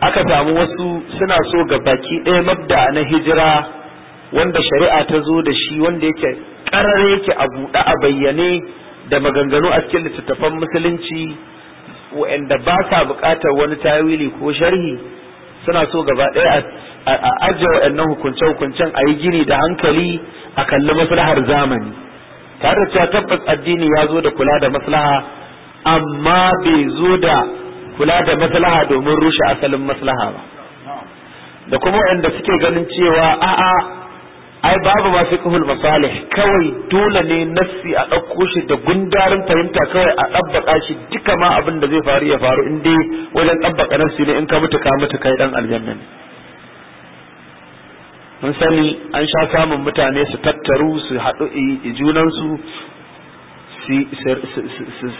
aka samu wasu suna so ga baki ɗaya mabda na hijira wanda shari'a ta zo da shi wanda yake ƙarar yake a buɗe a bayyane da maganganu a cikin littattafan musulunci wa'anda ba sa buƙatar wani tawili ko sharhi suna so gaba ɗaya a ajiye wa'annan hukunce-hukuncen a yi gini da hankali a kalli maslahar zamani tare da cewa tabbas addini ya zo da kula da maslaha amma bai zo da kula da maslaha domin rushe asalin maslaha ba da kuma waɗanda suke ganin cewa a'a ai babu ma fiqhul masalih kawai dole ne nafsi a ɗauko shi da gundarin fahimta kawai a ɗabbaka shi duka ma abin da zai faru ya faru in dai wajen ɗabbaka nassi ne in ka mutu ka mutu kai dan aljanna ne mun sani an sha samun mutane su tattaru su haɗu junansu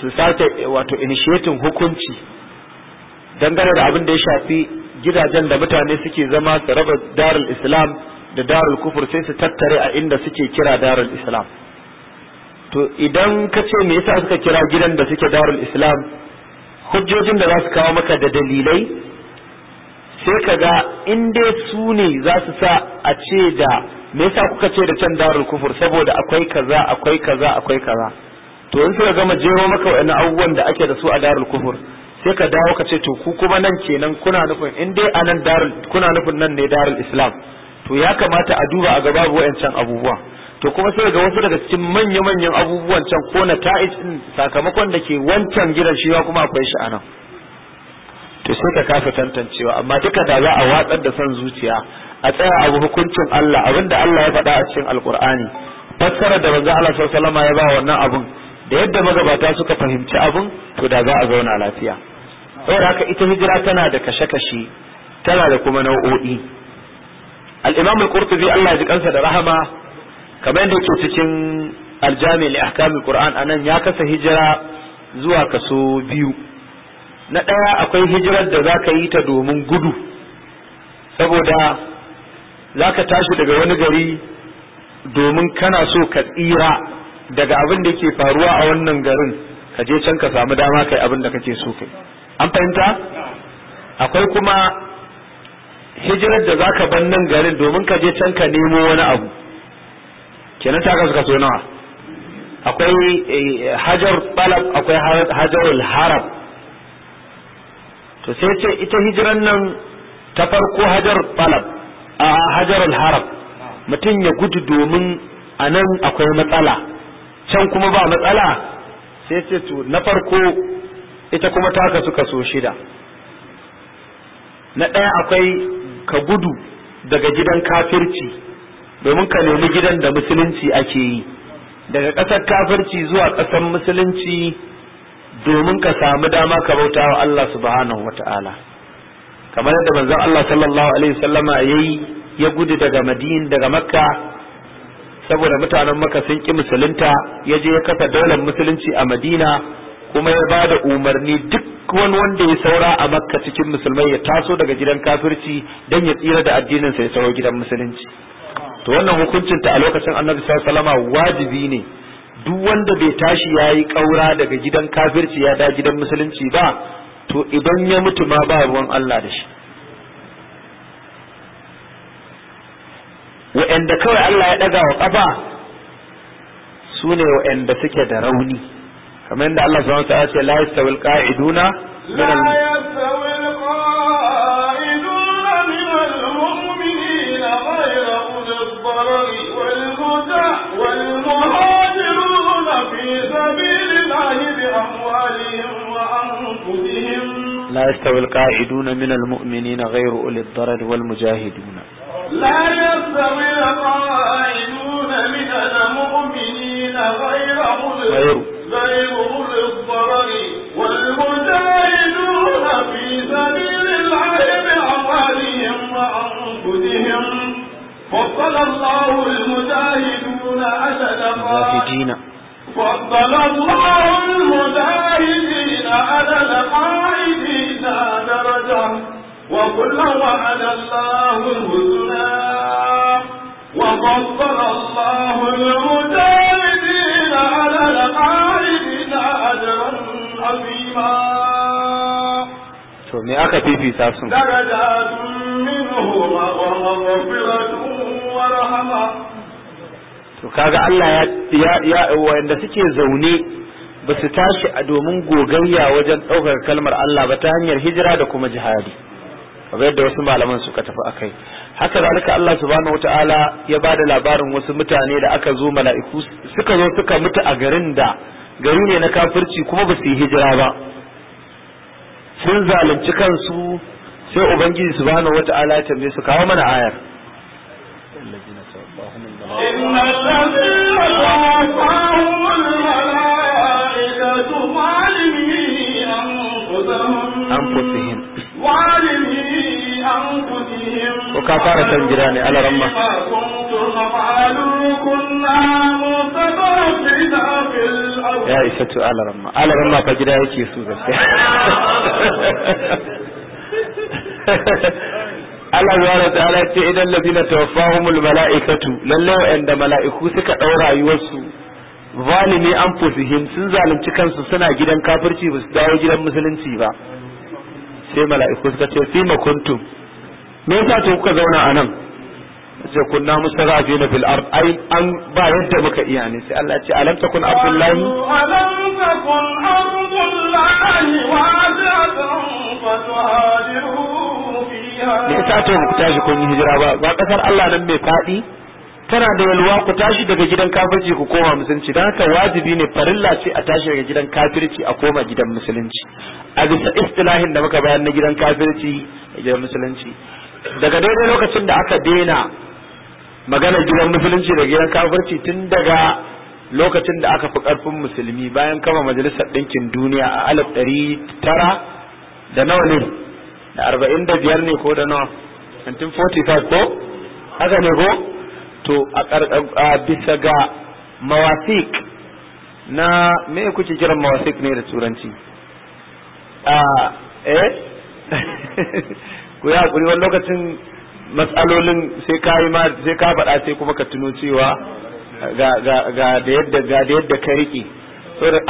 su sace wato initiating hukunci dangane da abin da ya shafi gidajen da mutane suke zama su raba darul islam da darul kufur sai su tattare a inda suke kira darul islam to idan ka ce me yasa suka kira gidan da suke darul islam hujjojin da za su kawo maka da dalilai sai ka ga in dai su ne za su sa a ce da me yasa kuka ce da can darul kufur saboda akwai kaza akwai kaza akwai kaza to in suka gama jero maka wa'annan abubuwan da ake da su a darul kufur sai ka dawo ka ce to ku kuma nan kenan kuna nufin in dai anan darul kuna nufin nan ne darul islam to ya kamata a duba a gaba wayancan abubuwa to kuma sai ga wasu daga cikin manya-manyan abubuwan can ko na ta'is din sakamakon da ke wancan gidan shi kuma akwai shi anan to sai ka kafa tantancewa amma duka da za a watsar da son zuciya a tsaya abu hukuncin Allah abinda Allah ya faɗa a cikin alkur'ani fassara da manzo Allah sallallahu alaihi wasallam ya ba wannan abun da yadda magabata suka fahimci abun to da za a zauna lafiya saboda haka ita hijira tana da kashe-kashe tana da kuma nau'o'i al-imam al-qurtubi Allah ji kansa da rahama kamar yadda yake cikin al-jami li ahkam al-qur'an anan ya kasa hijira zuwa kaso biyu na daya akwai hijirar da zaka yi ta domin gudu saboda zaka tashi daga wani gari domin kana so ka tsira daga abin da ke faruwa a wannan garin ka je can ka samu dama kai abin da kake so kai an fahimta akwai kuma hijirar da zaka bar nan garin domin ka je can ka nemo wani abu kenan ta kasu kaso nawa akwai eh, hajar balab akwai hajar harab to sai ce ita hijiran nan ta farko hajar balab a hajar harab mutum ya gudu domin a nan akwai matsala can kuma ba matsala sai ce to na farko ita kuma ta kasu kaso shida na ɗaya akwai ka gudu daga gidan kafirci domin ka nemi gidan da musulunci ake yi daga ƙasar kafirci zuwa ƙasar musulunci domin ka samu dama ka bauta wa Allah subhanahu wata'ala kamar yadda manzon Allah sallallahu alaihi wasallama yayi ya gudu daga Madin daga Makka saboda mutanen Makka sun ki musulunta ya je ya kafa daular musulunci a Madina kuma ya bada umarni duk wani wanda ya saura a makka cikin musulmai ya taso daga gidan kafirci dan ya tsira da addinin sa ya sauro gidan musulunci to wannan hukuncin ta a lokacin annabi sallallahu alaihi wajibi ne duk wanda bai tashi yayi kaura daga gidan kafirci ya da gidan musulunci ba to idan ya mutu ma ba ruwan Allah da shi wa'anda kawai Allah ya daga wa kafa su ne wa'anda suke da rauni الله سبحانه kamar yadda Allah subhanahu wa ta'ala ce la yastawil qa'iduna min al والمهاجرون في سبيل الله بأموالهم وأنفسهم لا يستوي القاعدون من المؤمنين غير أولي الضرر والمجاهدون لا يستوي القاعدون من المؤمنين غير أولي الضرر غير فضل الله المجاهدون على قاتلين فضل الله المجاهدين على القاعدين درجة وكل وعد الله الحسنى وفضل الله المجاهدين على القاعدين أجرا عظيما درجات منه aka ورحمة to kaga Allah ya ya wanda suke zaune ba su tashi a domin gogayya wajen ɗaukar kalmar Allah ba ta hanyar hijira da kuma jihadi kamar yadda wasu malaman suka tafi akai haka zalika Allah subhanahu wataala ya ba da labarin wasu mutane da aka zo mala'iku suka zo suka mutu a garin da gari ne na kafirci kuma ba su yi hijira ba sun zalunci kansu sai ubangiji subhanahu wataala ya tambaye su kawo mana ayar الذين توفاهم الملائكة ظالمي أنفسهم أنفسهم ظالمي أنفسهم وكفارة الجيران على رمى كنتم فعلوا كنا متفرقين في الأرض يا إيشة على رمى على رمى فجدا يكي سوزك Allah zuwa ta'ala ce idan ladina tawaffahumul mala'ikatu lalle wa'anda mala'iku suka ɗau rayuwarsu zalimi fusihim sun zalunci kansu suna gidan kafirci ba su dawo gidan musulunci ba sai mala'iku suka ce fi kuntu. me yasa to kuka zauna a nan ce kunna mustarafina fil ard ai an ba yadda muka iya ne sai Allah ce alam takun abdullahi alam takun abdullahi wa me yasa to ku tashi kun yi hijira ba ba kasar Allah nan mai fadi tana da yalwa ku tashi daga gidan kafirci ku koma musulunci dan haka wajibi ne farilla ce a tashi daga gidan kafirci a koma gidan musulunci a bisa istilahin da muka bayar na gidan kafirci gidan musulunci daga daidai lokacin da aka daina maganar gidan musulunci da gidan kafirci tun daga lokacin da aka fi karfin musulmi bayan kama majalisar ɗinkin duniya a alif ɗari tara da nawa ne da arba'in da biyar ne ko da nawa 1945 ko haka ne ko to a bisa ga mawasik na me kuke kiran mawasik ne da turanci a eh ku yi hakuri wani lokacin matsalolin sai ka yi ma sai ka faɗa sai kuma ka tuno cewa ga ga da yadda ga da yadda ka rike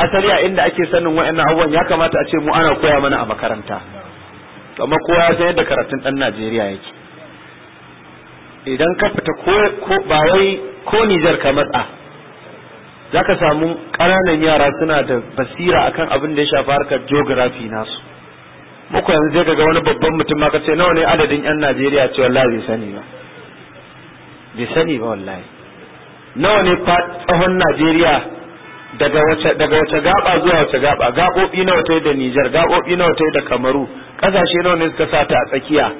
asali a inda ake sanin wa'annan abubuwan ya kamata a ce mu ana koya mana a makaranta amma kowa ya san yadda karatun dan Najeriya yake idan ka fita ko ba wai ko Nijar ka matsa zaka samu ƙananan yara suna da basira akan abin da ya shafi harkar geography nasu muku yanzu zai ga wani babban mutum ma kace nawa ne adadin yan Najeriya ce wallahi bai sani ba bai sani ba wallahi nawa ne tsohon Najeriya daga wace daga wace gaba zuwa wace gaba gabobi nawa ta da Niger gabobi nawa ta da Kamaru kasashe nawa ne suka sata a tsakiya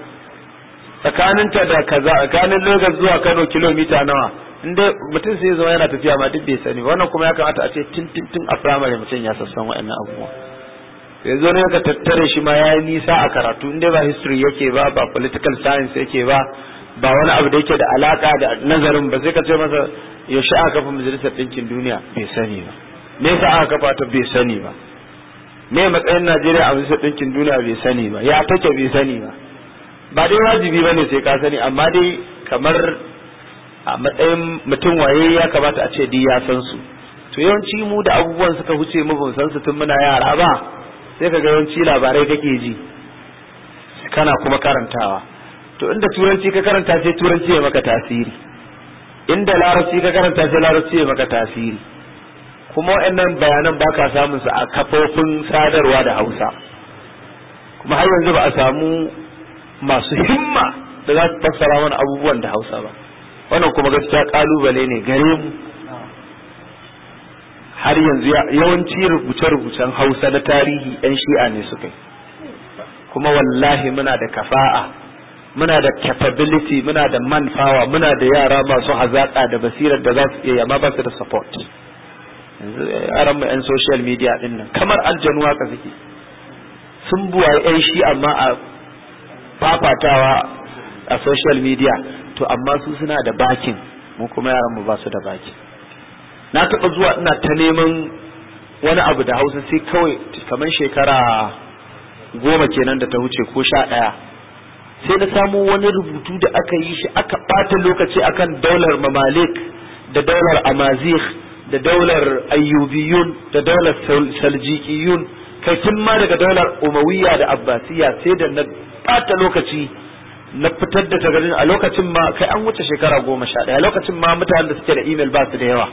tsakanin ta da kaza tsakanin Lagos zuwa Kano kilomita nawa inda mutum sai zama yana tafiya ma duk bai sani wannan kuma ya kamata a ce tun tun tun a primary mutum ya sassan wa'annan abubuwa zo ne ka tattare shi ma ya yi nisa a karatu inda ba history yake ba ba political science yake ba ba wani abu da yake da alaka da nazarin ba sai ka ce masa yaushe aka kafa majalisar ɗinkin duniya bai sani ba me yasa aka kafa ta bai sani ba me matsayin Najeriya a majalisar ɗinkin duniya bai sani ba ya take bai sani ba ba dai wajibi ne sai ka sani amma dai kamar a matsayin mutum waye ya kamata a ce di ya san su to yawanci mu da abubuwan suka huce mu ban san su tun muna yara ba sai ka ga yawanci labarai kake ji kana kuma karantawa to inda turanci ka karanta sai turanci ya maka tasiri inda larabci ka karanta sai larabci ya maka tasiri kuma waɗannan bayanan ba ka samun su a kafofin sadarwa da hausa kuma har yanzu ba a samu masu himma da za su fassara mana abubuwan da hausa ba wannan kuma gaskiya kalubale ne gare mu har yanzu yawanci rubuce-rubucen hausa na tarihi 'yan shi'a ne suka yi kuma wallahi muna da kafa'a muna da capability muna da manpower muna da yara masu hazaƙa da basirar da za su iya amma ba su da support yanzu eh, yaran mu yan social media din nan kamar aljanu haka suke sun buwa yan shi amma a fafatawa a social media to amma su suna da bakin mu kuma yaran mu ba su da bakin na taɓa zuwa ina ta neman wani abu da hausa sai kawai kamar shekara goma kenan da ta wuce ko sha ɗaya sai na samo wani rubutu da aka yi shi aka ɓata lokaci akan daular mamalik da daular amazigh da daular ayyubiyun da daular saljikiyun kai tun ma daga daular umawiya da abbasiya sai da na ɓata lokaci na fitar da tagarin a lokacin ma kai an wuce shekara goma sha ɗaya lokacin ma mutanen da suke da imel ba su da yawa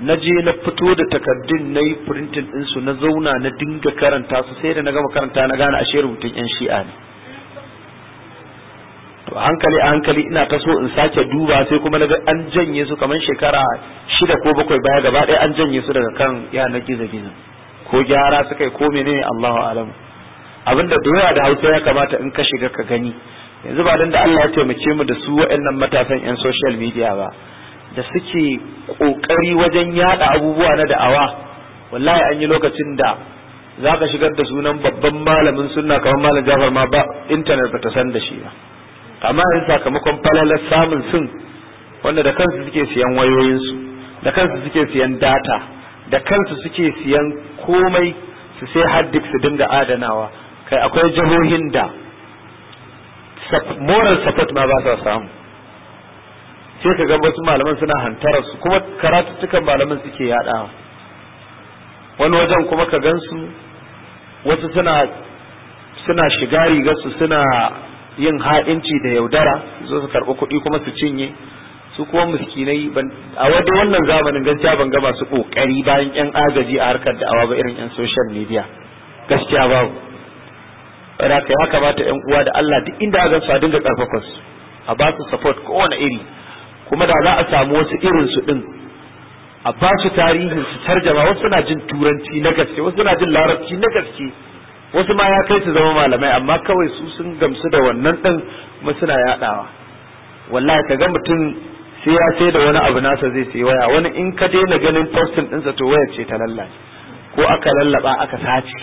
na je na fito da takardun na yi printin ɗinsu na zauna na dinga karanta su sai da na gama karanta na gane ashe rubutun 'yan shi'a ne to hankali a hankali ina ta so in sake duba sai kuma naga an janye su kamar shekara shida ko bakwai baya gaba ɗaya an janye su daga kan yanar gizo-gizo ko gyara suka yi ko menene Allahu alamu abinda da da hausa ya kamata in ka shiga ka gani yanzu ba dan da Allah ya taimake mu da su waɗannan matasan yan social media ba da suke kokari wajen yada abubuwa na da'awa wallahi an yi lokacin da za ka shigar da sunan babban malamin sunna kamar malam Jafar ma ba internet ba ta san da shi ba amma yanzu sakamakon falalar samun sun wanda da kansu suke siyan wayoyinsu da kansu suke siyan data da kansu suke siyan komai su sai haddik su dinga adanawa kai akwai jihohin da moral support ma ba sa samu sai ka ga wasu malaman suna hantarar su kuma cikin malaman suke yadawa wani wajen kuma ka gansu wasu suna suna shiga rigarsu suna yin ha'inci da yaudara zo su karɓi kuɗi kuma su cinye su kuma miskinai a wajen wannan zamanin gaskiya ban ga masu ƙoƙari bayan 'yan agaji a harkar da'awa ba irin 'yan social media gaskiya babu wadda kai haka ba 'yan uwa da Allah duk inda aka su a dinga karfafa su a ba su support kowane iri kuma da za a samu wasu irin su din a ba su tarihin su tarjama wasu suna jin turanci na gaske wasu suna jin larabci na gaske wasu ma ya kai su zama malamai amma kawai su sun gamsu da wannan din kuma suna yadawa wallahi kaga mutum sai ya sai da wani abu nasa zai sai waya wani in ka daina ganin postin ɗinsa to wayar ce ta lallace ko aka lallaba aka sace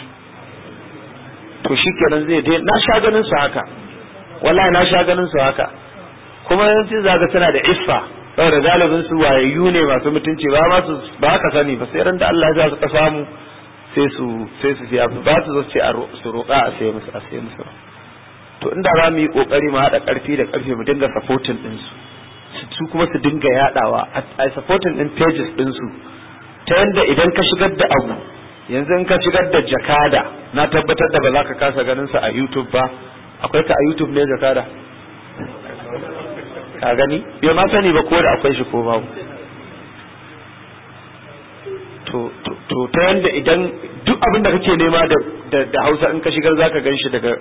to shikenan zai dai na sha ganin su haka wallahi na sha ganin su haka kuma yawanci zaga tana da isfa. saboda galibin su wayayyu ne masu mutunci ba ba ka sani ba sai ran da Allah ya ka samu sai su sai su siya ba su zo ce su roƙa a sai musu a sai musu to inda za mu yi kokari mu haɗa ƙarfi da ƙarfi mu dinga supporting din su su kuma su dinga yadawa a supporting din pages din su ta yanda idan ka shigar da abu yanzu in ka shigar da jakada na tabbatar da ba za ka kasa ganin sa a YouTube ba akwai ka a YouTube ne jakada ka gani bai ma sani ba ko da akwai shi ko babu to to to ta yanda idan duk abin da kake nema da hausa in ka shigar zaka gan shi daga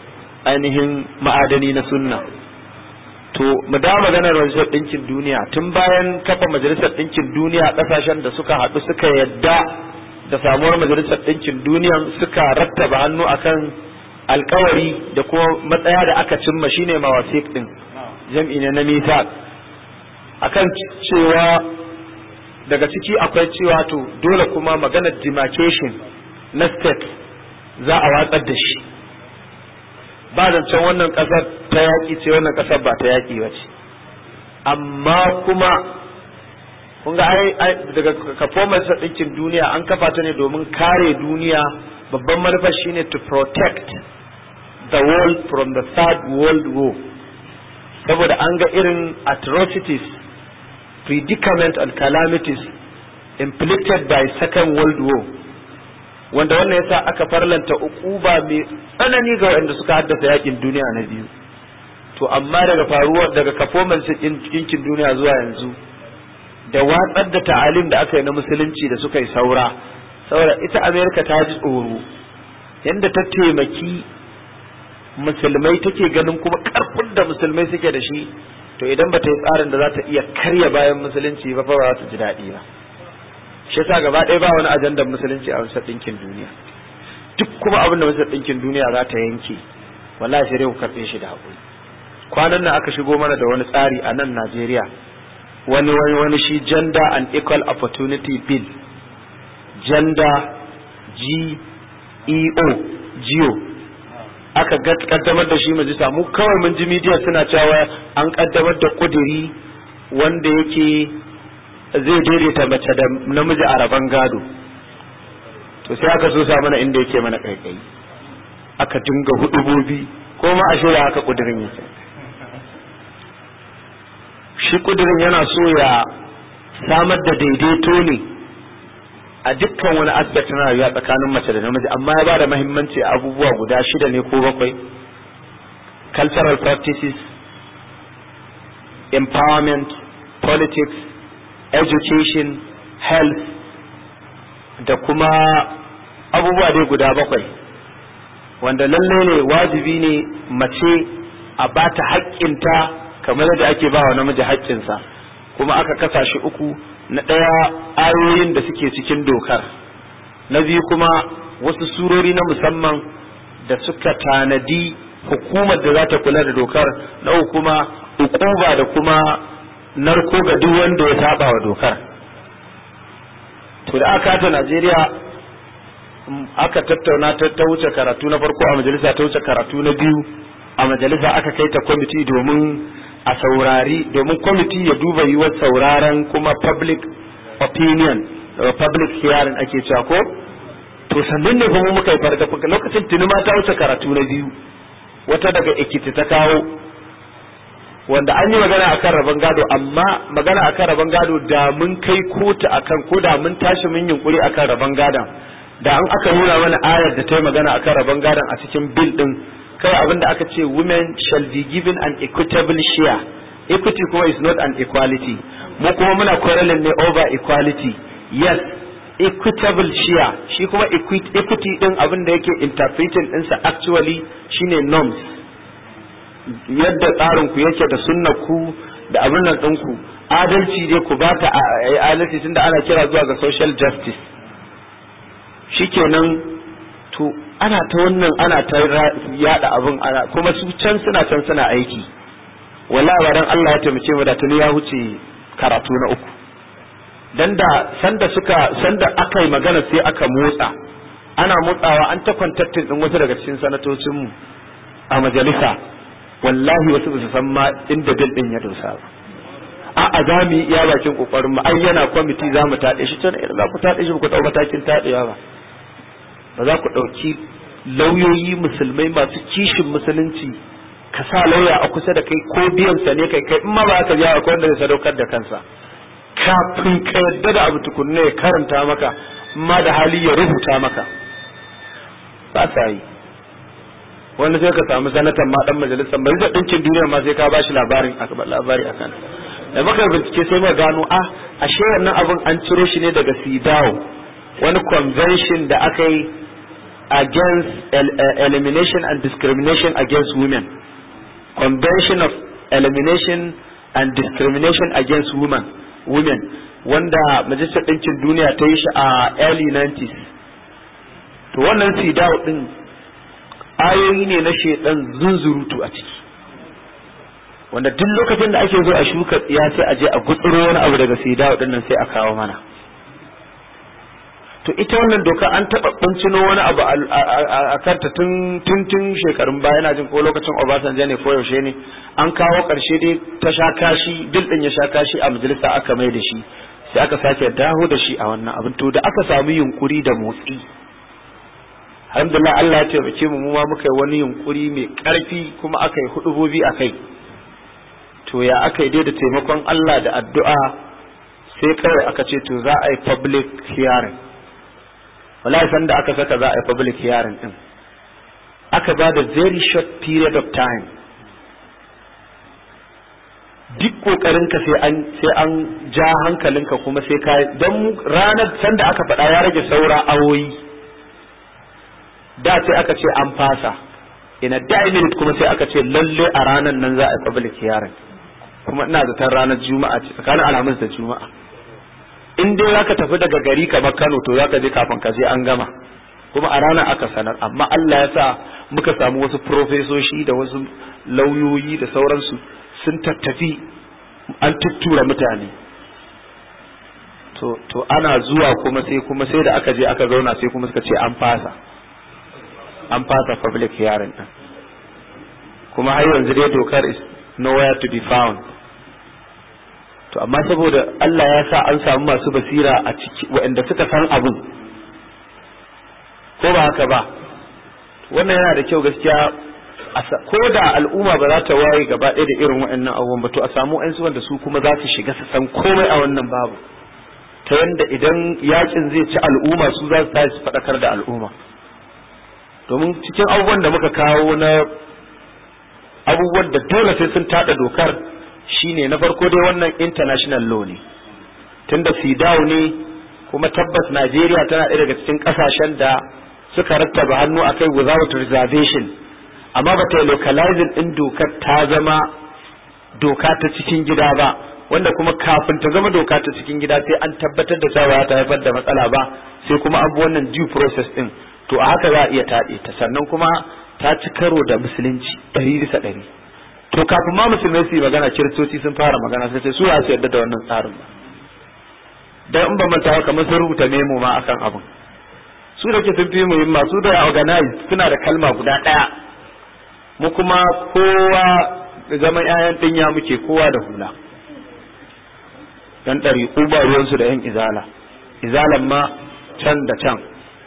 ainihin ma'adani na sunna to mu da maganar majalisar ɗinkin duniya tun bayan kafa majalisar ɗinkin duniya ƙasashen da suka haɗu suka yadda da samuwar majalisar ɗinkin duniya suka rattaba hannu akan alkawari da kuma matsaya da aka cimma shine mawasif ɗin jam'i ne na a akan cewa daga ciki akwai cewa to dole kuma maganar demarcation na state za a watsar da shi ba zancen wannan kasar ta yaƙi ce wannan kasar ba ta yaƙi ba ce amma kuma kun ga ai daga kafomar ɗinkin duniya an kafa ta ne domin kare duniya babban manufar shine to protect the world from the third world war saboda an ga irin atrocities predicament and calamities inflicted by second world war wanda wannan yasa aka farlanta ukuba mai tsanani ga waɗanda suka haddasa yakin duniya na biyu to amma daga faruwar daga kafoman ɗinkin duniya zuwa yanzu da watsar da ta'alim da aka yi na musulunci da suka yi saura saboda ita america ta ji tsoro yadda ta taimaki musulmai take ganin kuma karfin da musulmai suke da shi to idan ba ta yi tsarin da za ta iya karya bayan musulunci ba ba za ta ji daɗi ba shi yasa gaba ɗaya ba wani ajandar musulunci a wasu ɗinkin duniya duk kuma abin da wasu ɗinkin duniya za ta yanke wallahi sai ku karɓe shi da haƙuri kwanan nan aka shigo mana da wani tsari a nan Najeriya wani wani wani shi gender and equal opportunity bill gender G E O GEO aka kaddamar da shi majalisa mu kawai mun ji media suna cewa an kaddamar da kuduri wanda yake zai daidaita mace da namiji a rabon gado to sai aka so sa mana inda yake mana kaikai aka dinga hudubobi ko ma a shirya aka kudirin yake shi kudirin yana so ya samar da daidaito ne a dukkan wani aspect na rayuwa tsakanin mace da namiji amma ya bada muhimmanci abubuwa guda shida ne ko bakwai cultural practices empowerment politics education health da kuma abubuwa dai guda bakwai wanda lalle ne wajibi ne mace a bata haƙƙinta kamar yadda ake ba wa namiji haƙƙinsa kuma aka kasashe uku na ɗaya ayoyin da suke cikin dokar na biyu kuma wasu surori na musamman da suka tanadi hukumar da za ta kula da dokar na uku kuma ukuba da kuma narko ga duk wanda ya saba wa dokar to da aka ta Najeriya mm, aka tattauna ta wuce karatu na farko a majalisa ta wuce karatu na biyu a majalisa aka kai ta kwamiti domin a saurari domin kwamiti ya duba yiwuwar sauraron kuma public opinion uh, public hearing ake cewa ko to sannan ne kuma muka yi farga lokacin tuni ta wuce karatu na biyu wata daga ekiti ta kawo wanda an yi magana akan rabon gado amma magana akan rabon gado da mun kai kotu akan ko da mun tashi mun yunkuri akan rabon gadon da an aka nuna mana ayar da ta yi magana akan rabon gadon a cikin bil din kawai abin da aka ce women shall be given an equitable share equity kuma is not an equality mu kuma muna quarreling ne over equality yes equitable share shi kuma equity din abin da yake interpreting dinsa actually shine norms yadda tsarin ku yake da sunnar ku da abin nan ɗinku adalci dai ku ba ta eh, adalci tunda ana kira zuwa ga social justice shikenan to ana ta wannan ana ta yada abin ana kuma su can suna can suna aiki wallahi ba Allah ya taimake mu da tuni ya huce karatu na uku dan da sanda suka sanda aka magana sai aka motsa ana motsawa an ta kwantattin din wasu daga cikin sanatocin mu a majalisa wallahi wasu ba su san ma inda bil din ya dosa ba a'a za mu iya bakin kokarin mu ai yana kwamiti za mu shi tana za ku tade shi ku dauka matakin tadewa ba ba za ku ɗauki lauyoyi musulmai masu kishin musulunci ka sa lauya a kusa da kai ko biyan sa ne kai kai ma ba ka ja akwai wanda zai sadaukar da kansa kafin ka yadda da abu tukunna ya karanta maka ma da hali ya rubuta maka ba sa yi wanda sai ka samu sanatan ma dan majalisar majalisar ɗinkin duniya ma sai ka shi labarin labari akan da maka bincike sai muka gano a ah, ashe wannan abin an ciro shi ne daga sidawo wani convention da aka yi against el eh, elimination and discrimination against women convention of elimination and discrimination against women women wanda majalisar ɗinkin duniya ta yi shi a early 90s to wannan sidawo ɗin ayoyi ne na shaidan zunzurutu a ciki wanda duk lokacin da ake zo a shuka ya sai a je a gutsuro wani abu daga sidawo ɗin nan sai a kawo mana to ita wannan doka an taɓa ɓuncino wani abu a karta tun tun shekarun baya na jin ko lokacin Obasanjo ne ko yaushe ne an kawo ƙarshe dai ta sha kashi bil ɗin ya sha kashi a majalisa aka mai da shi sai aka sake dawo da shi a wannan abin to da aka samu yunkuri da motsi alhamdulillah Allah ya taimake mu mu ma muka yi wani yunkuri mai ƙarfi kuma aka yi hudubobi a kai to ya aka yi dai da taimakon Allah da addu'a sai kawai aka ce to za a yi public hearing wallahi san da aka saka za a yi public hearing din aka ba da very short period of time duk kokarin ka sai an sai an ja hankalinka kuma sai ka don ranar san aka faɗa ya rage saura awoyi da sai aka ce an fasa ina da minute kuma sai aka ce lalle a ranar nan za a yi public hearing kuma ina zaton ranar juma'a ce tsakanin alhamis da juma'a in dai zaka tafi daga gari ka Kano to zaka je kafin ka je an gama kuma a ranar aka sanar amma Allah ya sa muka samu wasu profesoshi da wasu lauyoyi da sauransu sun tattafi an tuttura mutane to ana zuwa kuma sai kuma sai da aka je aka zauna sai kuma suka ce an fasa an fasa public hearing kuma har yanzu dai dokar is nowhere to be found to amma saboda Allah ya sa an samu masu basira a ciki waɗanda suka san abin ko ba haka ba wannan yana da kyau gaskiya ko da al'umma ba za ta waye gaba ɗaya da irin waɗannan abubuwan ba to a samu ɗansu wanda su kuma za su shiga su san komai a wannan babu ta yanda idan yakin zai ci al'umma su za su tashi faɗakar da al'umma domin cikin abubuwan da muka kawo na abubuwan da dole sai sun taɗa dokar Shi ne na farko dai wannan international law ne da sidaw ne kuma tabbas Najeriya tana ɗaya daga cikin ƙasashen da suka rattaba hannu a kai without reservation amma ba ta yi localizing ɗin dokar ta zama doka ta cikin gida ba wanda kuma kafin ta zama doka ta cikin gida sai an tabbatar da cewa ta haifar da matsala ba sai kuma abu wannan due process ɗin to a haka za a iya taɗe ta sannan kuma ta ci karo da musulunci ɗari bisa ɗari to kafin ma musulmai su yi magana kiristoci sun fara magana sai su ya su yarda da wannan tsarin ba dan in ba manta kamar sun rubuta memo ma akan abin su da ke sun fi muhimma su da organize suna da kalma guda daya mu kuma kowa zaman ƴaƴan dinya muke kowa da hula dan uba ruwan ruwansu da yan izala izalan ma can da can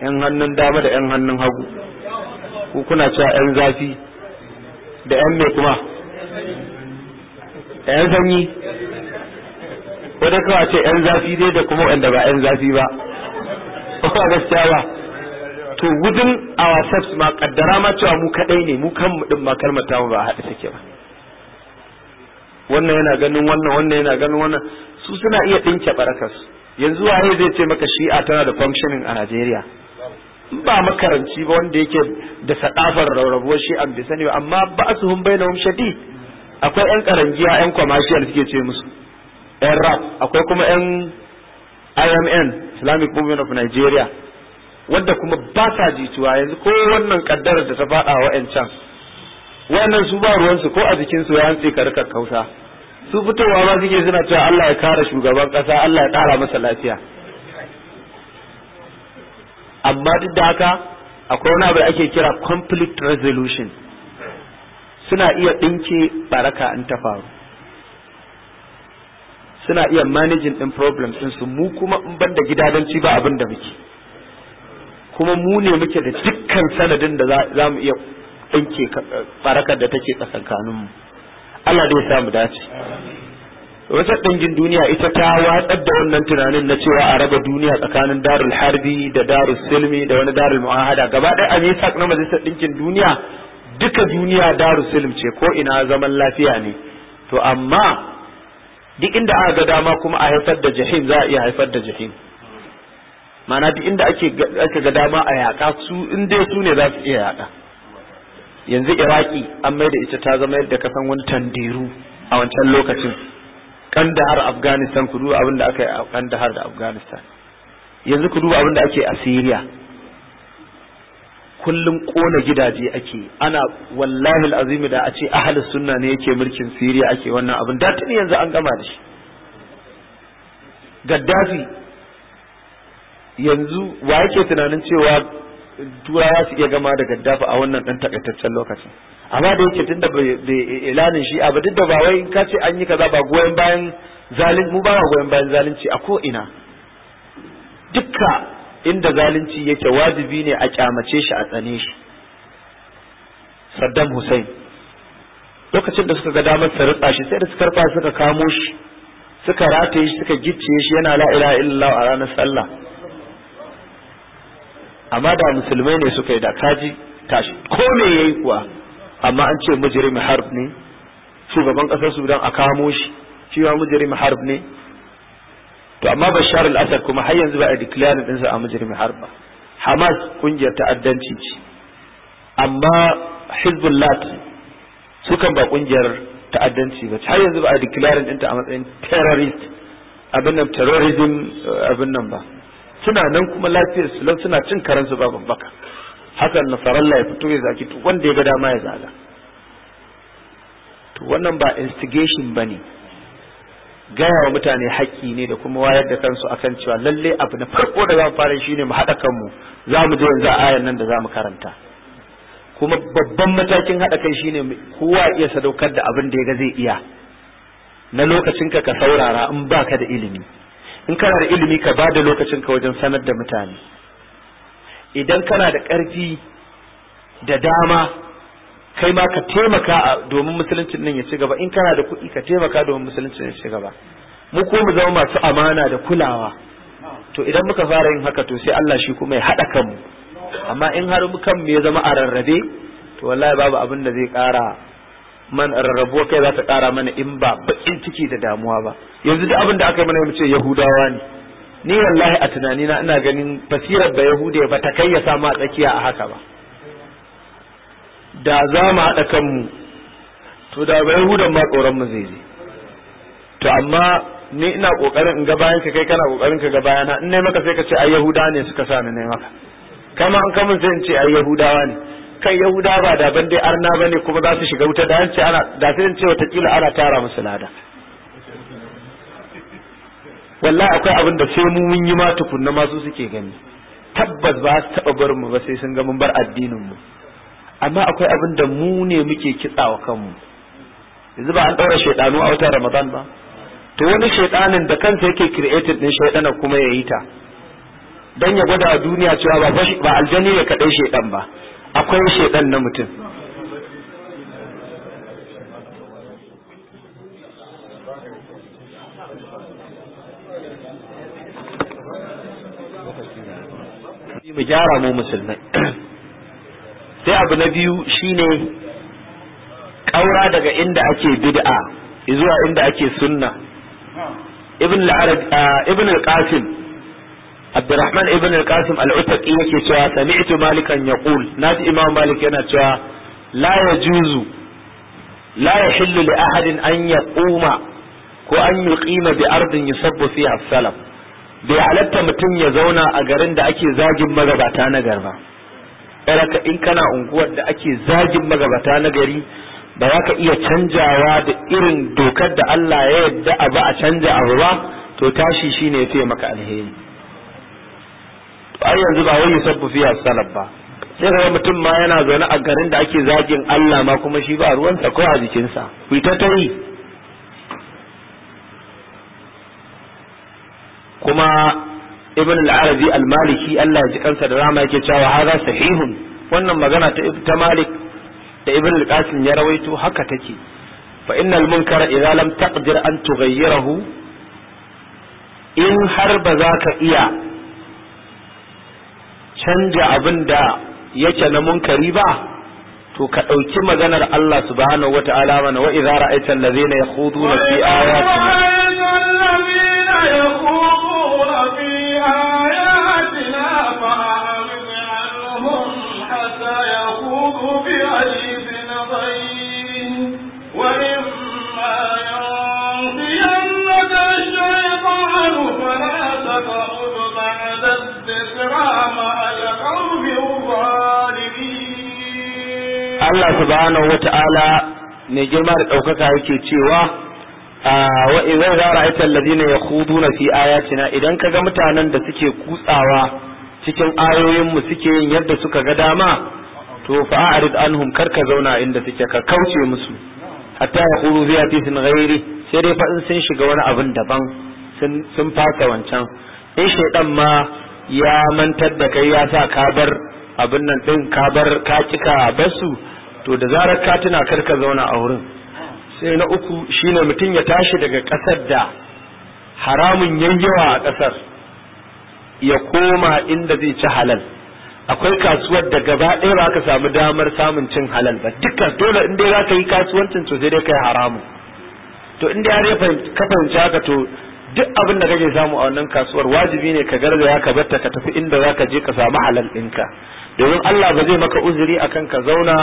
yan hannun dama da yan hannun hagu ku kuna cewa yan zafi da yan mai kuma yan sanyi ko da kawai ce yan zafi dai da kuma wanda ba yan zafi ba ko ba gaskiya ba to within ourselves ma kaddara ma cewa mu kadai ne mu kanmu din ma kalmar ta ba haɗe take ba wannan yana ganin wannan wannan yana ganin wannan su suna iya dinke ɓarakas yanzu waye zai ce maka shi'a tana da functioning a Najeriya ba makaranci ba wanda yake da sadafar rarrabuwar shi'a bai sani ba amma ba su ba'asuhum bainahum shadid akwai yan ƙarangiya yan commercial suke ce musu yan rap akwai kuma yan IMN Islamic Movement of Nigeria wanda kuma ba sa jituwa yanzu ko wannan kaddarar da ta faɗa wa can. Wannan su ba ruwansu ko a jikinsu ya hantsi ka rika kausa su fitowa ba suke suna cewa Allah ya kare shugaban ƙasa Allah ya ƙara masa lafiya amma duk da haka akwai wani abu da ake kira conflict resolution suna iya ɗinke baraka in ta faru suna iya managing ɗin problem ɗinsu mu kuma in banda gidadanci ba abin muke kuma mu ne muke da dukkan sanadin da za mu iya ɗinke barakar da take tsakankaninmu Allah sa mu dace wata ɗangin duniya ita ta watsar da wannan tunanin na cewa a raba duniya tsakanin darul harbi da darul silmi da wani darul mu'ahada gaba ɗaya a na majalisar ɗinkin duniya duka duniya dar-u-silim ce ko ina zaman lafiya ne to amma duk inda aka ga dama kuma a haifar da jahim za a iya haifar da jahim ma'ana duk inda ake ga dama a yaƙa su in dai su ne za su iya yaƙa yanzu iraki an mai da ita ta zama yadda ka san wani tandiru a wancan lokacin kandahar afghanistan ku duba abin da aka yi a kandahar da afghanistan yanzu ku duba abin da ake a syria kullum kona gidaje ake ana wallahi azimi da a ce ahli sunna ne yake mulkin siriya ake wannan abin da tuni yanzu an gama da shi gaddafi yanzu wa yake tunanin cewa turawa su iya gama da gaddafi a wannan dan takaitaccen lokacin amma da yake tunda bai ilanin shi a duk da ba wai ka ce an yi kaza ba goyen bayan zalim mu ba goyen bayan zalunci a ko ina dukka inda zalunci yake wajibi ne a kyamace shi a tsane shi Saddam Hussein lokacin da suka ga damar su rutsa shi sai da suka karfa suka kamo shi suka rataye shi suka gicciye shi yana la ilaha illallah a ranar sallah amma da musulmai ne suka yi da kaji tashi ko me yayi kuwa amma an ce mujrim harb ne shugaban kasar Sudan a kamo shi shi ma mujrim harb ne to amma bashar al-asad kuma har yanzu ba a declare din sa a mujrimi harba hamas kungiyar ta'addanci ce amma hizbullah sukan ba kungiyar ta'addanci ba har yanzu ba a declare din ta a matsayin terrorist abin nan terrorism eh, abin nan ba suna nan kuma lafiyar su suna cin karansu ba babbaka hakan na ya fito ya zaki to wanda ya ga dama ya zaga to wannan ba instigation bane gaya wa mutane haƙƙi ne da kuma wayar da kansu akan cewa lalle abu na farko da za mu fara shine mu haɗa kanmu za mu je yanzu ayan nan da za mu karanta kuma babban matakin haɗa kai shine kowa iya sadaukar da abin da ya ga zai iya na lokacinka ka saurara in baka da ilimi in kana da ilimi ka bada lokacin ka wajen sanar da mutane idan kana da ƙarfi da dama kai ma ka taimaka domin musuluncin nan ya ci gaba in kana da kuɗi ka taimaka domin musuluncin ya ci gaba mu ko mu zama masu amana da kulawa to idan muka fara yin haka to sai Allah shi kuma ya haɗa kanmu amma in har mu kanmu ya zama a rarrabe to wallahi babu abin da zai ƙara man rarrabuwa kai za ta ƙara mana in ba baƙin ciki da damuwa ba yanzu duk abin da aka yi mana mu ce yahudawa ne ni wallahi a tunanina ina ganin basirar da yahudiya ba ta kayyasa ya samu tsakiya a haka ba da za mu haɗa kanmu to da bai hudan ma tsoron mu zai je to amma ni ina kokarin in ga bayan ka kai kana kokarin ka ga bayana in ne maka sai ka ce ai yahuda ne suka sa ni ne maka kai ma an kamun sai in ce ai yahudawa ne kan yahuda ba da ban dai arna bane kuma za su shiga wuta da an ce ana da sai in ce kila ana tara musu lada wallahi akwai abin da sai mu mun yi ma tukunna ma su suke gani tabbas ba su taba barin mu ba sai sun ga mun bar addinin mu amma akwai abin da mu ne muke kitsawa kanmu yanzu ba an ɗaura shaidanu a watan ramadan ba to wani shaidanin da kansa yake created din shaidana kuma ya yi ta dan ya gwada a duniya cewa ba aljani ya kadai shaidan ba akwai shaidan na mutum mu gyara mu musulmai sai abu na biyu shine ƙaura daga inda ake bid'a zuwa inda ake sunna ibn al-qasim abdurrahman ibn al-qasim al-utaqi yake cewa sami'tu malikan yaqul naji imam malik yana cewa la yajuzu la yahillu li ahadin an yaquma ko an yuqima bi ardin yusabbu fiha as-salam bai halatta mutum ya zauna a garin da ake zagin magabata na garba ka in kana unguwar da ake zagin magabata na gari ba za ka iya canjawa da irin dokar da Allah ya yadda a ba a canja a ruwa to tashi shi ne ya maka alheri ai yanzu ba wai fiye a salaf ba sai ga mutum ma yana zaune a garin da ake zagin Allah ma kuma shi ba ruwansa ko a jikinsa ku ta kuma ibn al-arabi al-maliki Allah ya ji kansa da rama yake cewa hadha sahihun wannan magana ta ta malik da ibn al-qasim ya rawaito haka take fa innal munkara idza lam taqdir an tughayyirahu in har ba za ka iya canja abin da yake na munkari ba to ka ɗauki maganar Allah subhanahu wa ta'ala mana wa idza ra'aita allazina yakhuduna fi ayatina Allah subhanahu wata'ala mai girma da ɗaukaka yake cewa wa idan za ya na na fi ayatina idan ka ga mutanen da suke kutsawa cikin ayoyin suke yin yadda suka ga dama to fa a'rid anhum karka zauna inda suke ka kauce musu hatta zai yi sun gairi sai dai fa'in sun shiga wani abin daban sun fasa wancan in shaidan ma ya mantar da kai ya sa ka bar abin nan din ka bar ka kika basu to da zarar ka tuna karka zauna a wurin sai na uku shine mutum ya tashi daga ƙasar da haramun yayyawa a ƙasar ya koma inda zai ci halal akwai kasuwar da gaba ɗaya ba ka samu damar samun cin halal ba duka dole in dai za ka yi kasuwancin to sai dai kai haramun to in dai ya ka fahimci haka to duk abin da kake samu a wannan kasuwar wajibi ne ka garzaya ka batta ka tafi inda za ka je ka samu halal ɗinka domin Allah ba zai maka uzuri akan ka zauna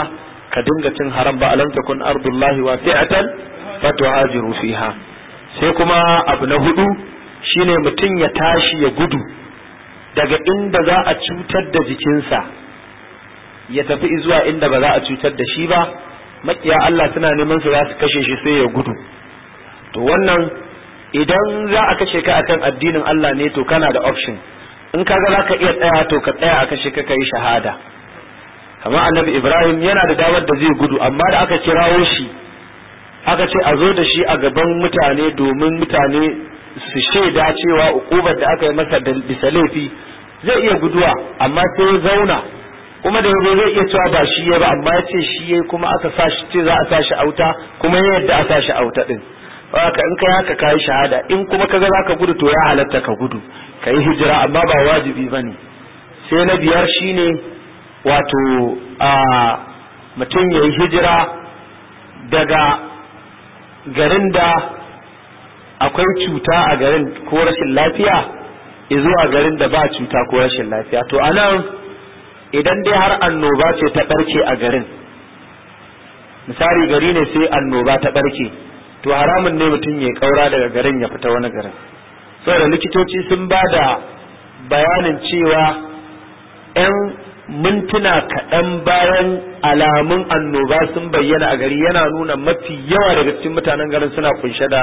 ka dinga cin haram ba alam takun ardullahi wasi'atan fatuhajiru fiha sai kuma abu na hudu shine mutum ya tashi ya gudu daga inda za a cutar da jikinsa ya tafi zuwa inda ba za a cutar da shi ba makiya Allah suna neman su za su kashe shi sai ya gudu to wannan idan za a kashe ka akan addinin Allah ne to kana da option in ka ga za ka iya tsaya to ka tsaya a kashe ka kai shahada amma annabi ibrahim yana da damar da zai gudu amma da aka kirawo shi aka ce a zo da shi a gaban mutane domin mutane su shaida cewa ukubar da aka yi masa da bisa laifi zai iya guduwa amma sai ya zauna kuma da yanzu zai iya cewa ba shi ya ba amma ya ce shi ya kuma aka sa shi ce za a sa shi auta kuma ya yadda a sa shi auta din haka in kai haka kayi shahada in kuma ka ga zaka gudu to ya halatta ka gudu ka yi hijira amma ba wajibi bane sai na biyar shine wato a mutum ya yi hijira daga garin da akwai cuta a garin ko rashin lafiya a garin da ba cuta ko rashin lafiya to anan idan dai har annoba ce ta ɓarke a garin misali gari ne sai annoba ta ɓarke to haramun ne mutum ya kaura daga garin ya fita wani garin saboda likitoci sun ba da bayanin cewa 'yan mintuna kaɗan bayan alamun annoba sun bayyana a gari yana nuna mafi yawa daga cikin mutanen garin suna kunshe da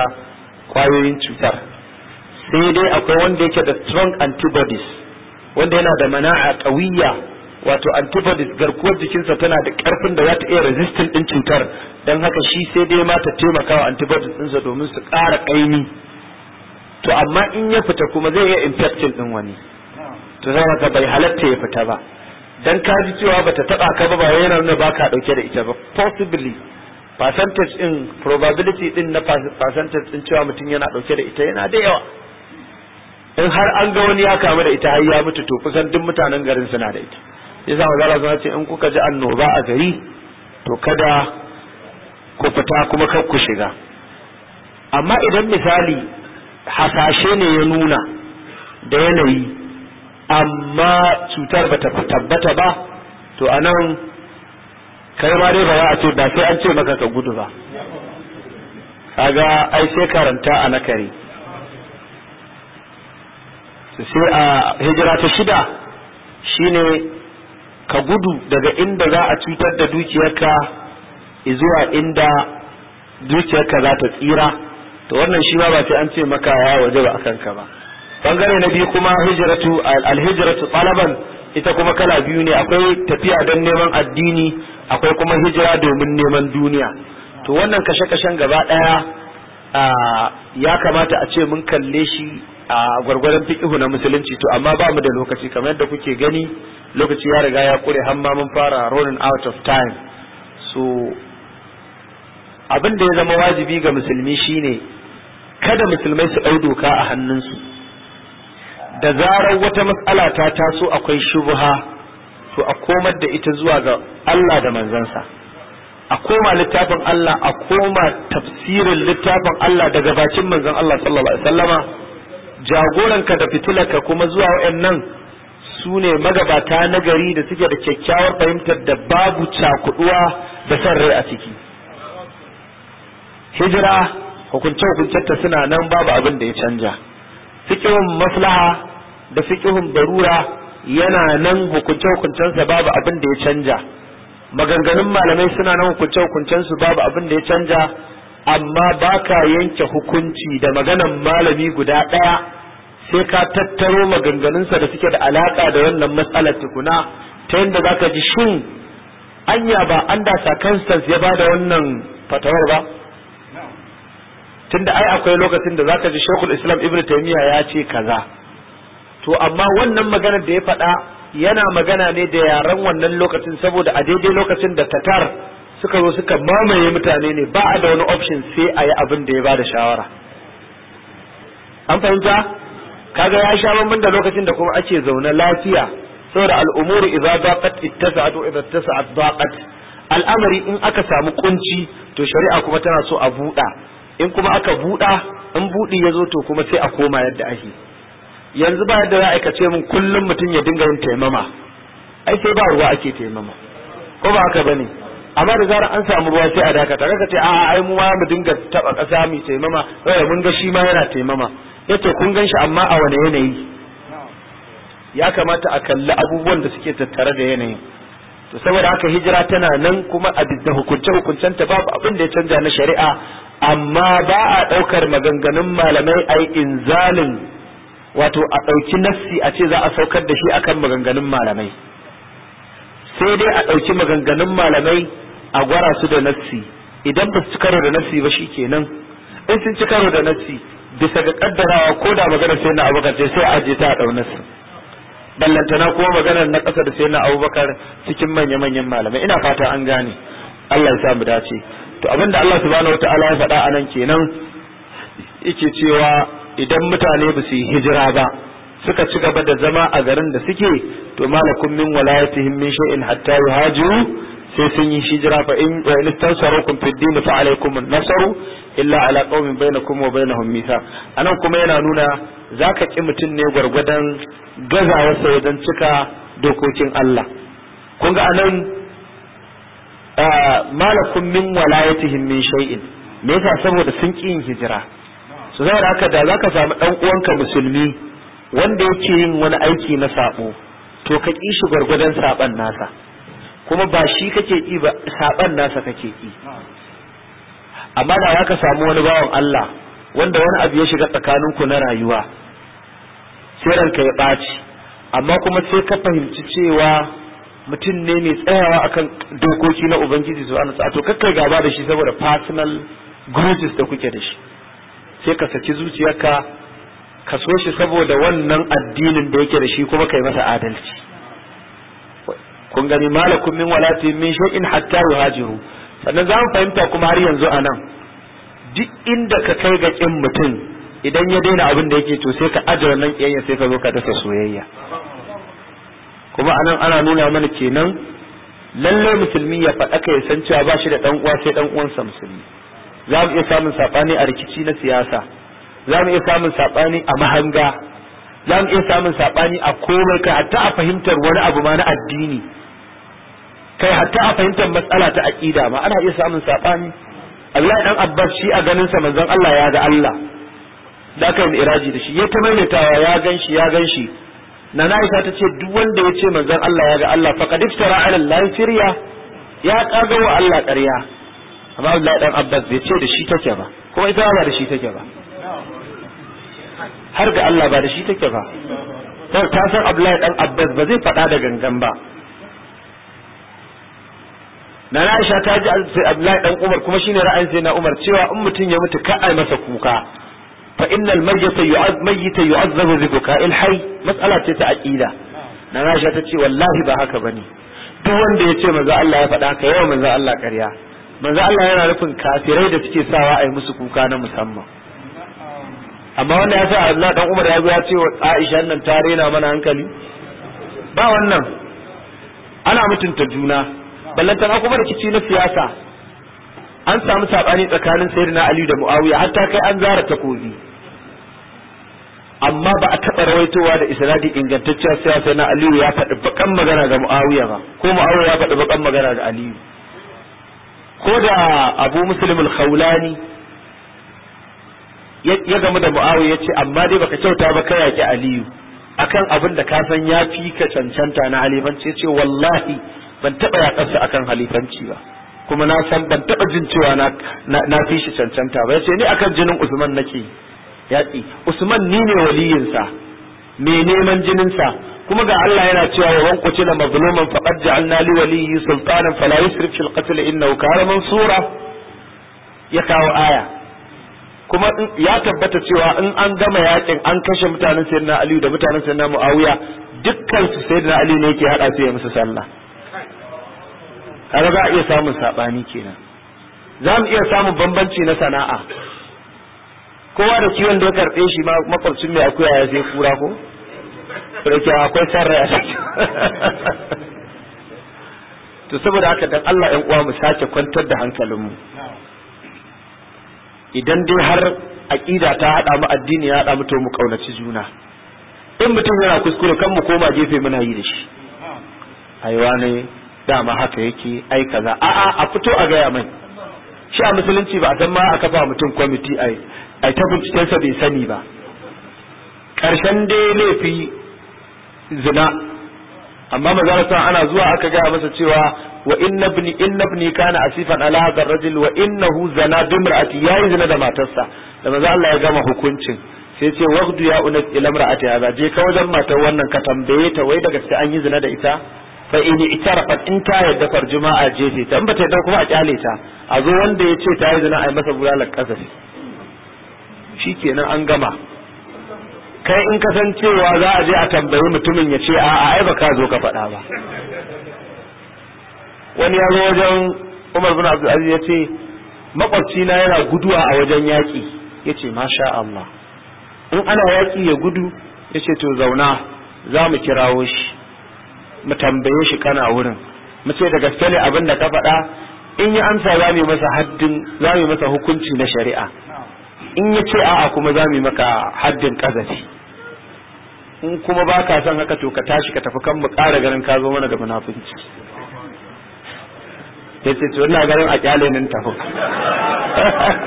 kwayoyin cutar sai dai akwai wanda yake da strong antibodies wanda yana da mana'a ƙawiya wato antibodies garkuwar jikinsa tana da ƙarfin da za ta iya resistant din cutar don haka shi sai dai ma ta taimaka wa antibodies ɗinsa domin su kara ƙaimi to amma in ya fita kuma zai iya infecting din wani to zai bai halatta ya fita ba dan ka ji cewa bata taba ka ba ba yana nuna baka dauke da ita ba possibly percentage in probability din na percentage din cewa mutum yana dauke da ita yana da yawa in har an ga wani ya kamu da ita har ya mutu to kusan duk mutanen garin suna da ita yasa maza Allah ce in kuka ji annoba a gari to kada ku fita kuma kar ku shiga amma idan misali hasashe ne ya nuna da yanayi amma cutar bata tabbata ba to a nan kai ma dai ba za a ce ba sai an ce maka ka gudu ba kaga ai sai karanta a nakari sai a hijira ta shida shine ka gudu daga inda za a cutar da dukiyarka zuwa inda dukiyarka za ta tsira to wannan shi ba sai an ce maka ya waje ba akan ka ba bangare na biyu kuma hijratu alhijratu talaban ita kuma kala biyu ne akwai tafiya don neman addini akwai kuma hijira domin neman duniya to wannan kashe-kashen gaba daya ya kamata a ce mun kalle shi a gwargwaron fiƙihu na musulunci to amma ba mu da lokaci kamar yadda kuke gani lokaci ya riga ya kure hamma mun fara running out of time so abin da ya zama wajibi ga musulmi shine kada musulmai su ɗau doka a hannunsu da zarar wata matsala ta taso akwai shubha to a komar da ita zuwa ga Allah da manzansa a koma littafin Allah a koma tafsirin littafin Allah daga bakin manzon Allah sallallahu alaihi wasallama jagoranka da fitilarka kuma zuwa wayannan sune magabata na gari da suke da kyakkyawar fahimtar da babu cakuduwa da san rai a ciki hijira hukunce hukuncenta suna nan babu abin da ya canja cikin maslaha da fikihun barura yana nan hukunce hukuncensa babu abin da ya canja maganganun malamai suna nan hukunce hukuncensu babu abin da ya canja amma baka yanke hukunci da maganan malami guda ɗaya sai ka tattaro maganganunsa da suke da alaka da wannan matsalar tukuna ta yadda zaka ji shin anya ba an da circumstance ya bada wannan fatawar ba tunda ai akwai lokacin da zaka ji shekul Islam Ibn taymiya ya ce kaza to amma wannan maganar da ya faɗa yana magana ne da yaren wannan lokacin saboda a daidai lokacin da tatar suka zo suka mamaye mutane ne ba a da wani option sai a yi abin da ya bada shawara an fahimta kaga ya sha bambam da lokacin da kuma ake zaune lafiya saboda al'umuri idza daqat ittasa'at wa idza tasa'at daqat al'amari in aka samu kunci to shari'a kuma tana so a buɗa in kuma aka buɗa in buɗi ya zo to kuma sai a koma yadda ake yanzu ba da za a aikace mun kullum mutum ya dinga yin taimama ai sai ba ruwa ake taimama ko ba haka bane amma da zarar an samu ruwa sai a dakata kaga ce a ai mu ma mu dinga taba kasa mu taimama sai mun ga shi ma yana taimama yace eh kun gan shi amma a wani yanayi ya kamata a kalli abubuwan da suke tattare da yanayin to saboda haka hijira tana nan kuma a da hukunce hukuncen ta babu abin da ya canja na shari'a amma ba a daukar maganganun malamai ai inzalin wato a ɗauki nassi a ce za a saukar da shi akan maganganun malamai sai dai a ɗauki maganganun malamai a gwara su da nassi idan ba su ci karo da nassi ba shi kenan in sun ci karo da nassi bisa ga kaddarawa ko da maganar sai na abubakar sai sai aje ta a ɗau nassi ballantana kuma maganar na ƙasa da sai na abubakar cikin manya-manyan malamai ina fata an gane Allah ya sa mu dace to abinda Allah subhanahu wataala ya faɗa anan kenan yake cewa idan mutane ba su yi hijira ba suka ci gaba da zama a garin da suke to malakum min walayatihim min shay'in hatta yuhajiru sai sun yi hijira fa in wa in tansarukum fid din fa alaykum an-nasru illa ala qaumin bainakum wa bainahum mitha anan kuma yana nuna zaka ki mutun ne gwargwadon sai wajen cika dokokin Allah kun ga anan ah, malakum min walayatihim min shay'in me yasa saboda sun ki hijira su saboda haka da zaka samu ɗan uwanka musulmi wanda yake yin wani aiki na saɓo to ka ki shi gwargwadon saɓon nasa kuma ba shi kake ki ba saɓon nasa kake ki amma da ka samu wani bawan Allah wanda wani abu ya shiga tsakaninku na rayuwa sai ranka ya ɓaci amma kuma sai ka fahimci cewa mutum ne mai tsayawa akan dokoki na ubangiji su ana to kakkai gaba da shi saboda personal grudges da kuke da shi sai ka saki zuciyarka ka so shi saboda wannan addinin da yake da shi kuma kai masa adalci kun gani malakum min walati min shay'in hatta yuhajiru sannan za mu fahimta kuma har yanzu anan. duk inda ka kai ga kin mutum idan ya daina abin da yake to sai ka aje nan kiyayya sai ka zo ka dasa soyayya kuma anan ana nuna mana kenan lalle musulmi ya faɗa ka ya san cewa ba shi da ɗan uwa sai ɗan uwansa musulmi za mu iya samun saɓani a rikici na siyasa za mu iya samun saɓani a mahanga za mu iya samun saɓani a komai kai hatta a fahimtar wani abu ma na addini kai hatta a fahimtar matsala ta aƙida ma ana iya samun saɓani Allah dan Abbas shi a ganin sa manzon Allah ya ga Allah da kai yi iraji da shi ya ta maimaitawa ya gan ya gan shi na Aisha ta ce duk wanda ya ce manzon Allah ya ga Allah faqad iftara ala Allah firya ya kaga wa Allah ƙarya amma Abdullahi dan Abbas bai ce da shi take ba kuma ita ba da shi take ba har ga Allah ba da shi take ba dan ta san Abdullahi dan Abbas ba zai faɗa da gangan ba na Aisha ta ji Abdullahi dan Umar kuma shine ra'ayin sai na Umar cewa in mutum ya mutu ka ai masa kuka fa innal mayyita yu'az mayyita yu'azzabu bi buka'il hayy mas'ala ce ta aqida na Aisha ta ce wallahi ba haka bane duk wanda ya ce manzo Allah ya faɗa ka yawa manzo Allah ƙarya manzo Allah yana nufin kafirai da suke sawa a yi musu kuka na musamman amma wanda ya sa Allah dan Umar ya zo ya ce wa Aisha nan ta rena mana hankali ba wannan ana mutunta juna ballantana kuma rikici na siyasa an samu sabani tsakanin sayyidina Ali da Muawiya hatta kai an zara takobi amma ba a taɓa rawaitowa da isnadi ingantacciyar siyasa na Aliyu ya faɗi bakan magana ga Muawiya ba ko Muawiya ya faɗi bakan magana ga Aliyu ko da abu muslim al-khawlani ya gama da muawiya ce amma dai baka kyauta ba ka yaƙi aliyu akan abin da ka san ya fi ka cancanta na halifanci ce wallahi ban taba yakarsa akan halifanci ba kuma na san ban taba jin cewa na fi shi cancanta ba yace ni akan jinin Usman nake yaki Usman ni ne waliyinsa me neman jininsa kuma ga Allah yana cewa wa wanku ce da mazluman qad ja'alna li waliyyi sultanan fala yusrif fil qatl innahu kana mansura ya kawo aya kuma ya tabbata cewa in an gama yakin an kashe mutanen sayyidina Ali da mutanen sayyidina Muawiya dukkan su sayyidina Ali ne yake hada su ya musu sallah kaga za a iya samun sabani kenan za mu iya samun bambanci na sana'a kowa da kiwon da ya karbe shi makwabcin mai akuya ya sai kura ko rike akwai san rai a to saboda haka dan Allah ɗan uwa mu sake kwantar da hankalinmu idan dai har aƙida ta haɗa mu addini ya haɗa mu to mu ƙaunaci juna in mutum yana kuskure kan mu koma gefe muna yi da shi aiwa ne dama haka yake ai kaza a'a a fito a gaya mai shi a musulunci ba a san ma a kafa mutum kwamiti ai ai ta bincikensa bai sani ba Karshen dai laifi zina amma sa ana zuwa aka gaya masa cewa wa inna ibni inna ibni kana asifan ala hadar rajul wa innahu zana bi imra'ati yayi zina da matarsa da manzo Allah ya gama hukuncin sai ce waqdu ya unat ila imra'ati hadha je ka wajen matar wannan ka tambaye ta wai daga gaske an yi zina da ita fa in itarafat in ta yadda farjuma a jefe ta in bata kuma a kyale ta a zo wanda ya ce ta yi zina a yi masa bulalar kasafi shikenan an gama kai in kasancewa za a je a tambayi mutumin ya ce a'a ai ba ka zo ka faɗa ba wani ya zo wajen Umar bin Abdul Aziz ya ce makwabci na yana guduwa a wajen yaƙi ya ce masha Allah in ana yaƙi ya gudu ya ce to zauna za mu kirawo shi mu tambaye shi kana wurin mu ce da gaske ne abin da ka faɗa in ya amsa za mu masa haddin za mu masa hukunci na shari'a in ya ce a'a kuma za mu maka haddin kazafi in kuma ba ka son haka to ka tashi ka tafi kan mu ƙara ganin ka zo mana ga munafunci ya ce tuwa ganin a kyale nan tafi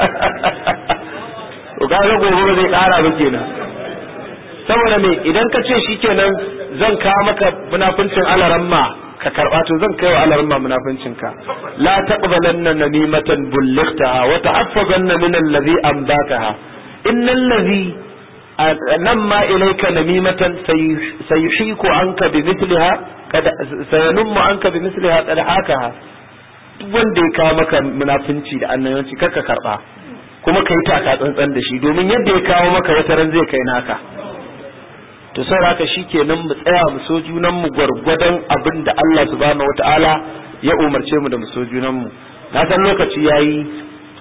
to ka ga gobe ba zai ƙara ba kenan saboda me idan ka ce shikenan zan kawo maka munafuncin alaramma ka karba to zan kai wa alarma munafincin ka la taqbalanna namimatan bullightaha wa ta'affaganna min allazi anbakaha innal ladhi nan ma ilaika namimatan sayushiku anka bi mithliha kada sayanummu anka bi mithliha kada haka wanda ya kawo maka munafunci da annabanci karka karba kuma kai taka tsantsan da shi domin yadda ya kawo maka wata ran zai kai naka to saboda shi kenan mu tsaya mu so junan mu gwargwadon abin da Allah subhanahu wataala ya umarce mu da mu so junan mu na san lokaci yayi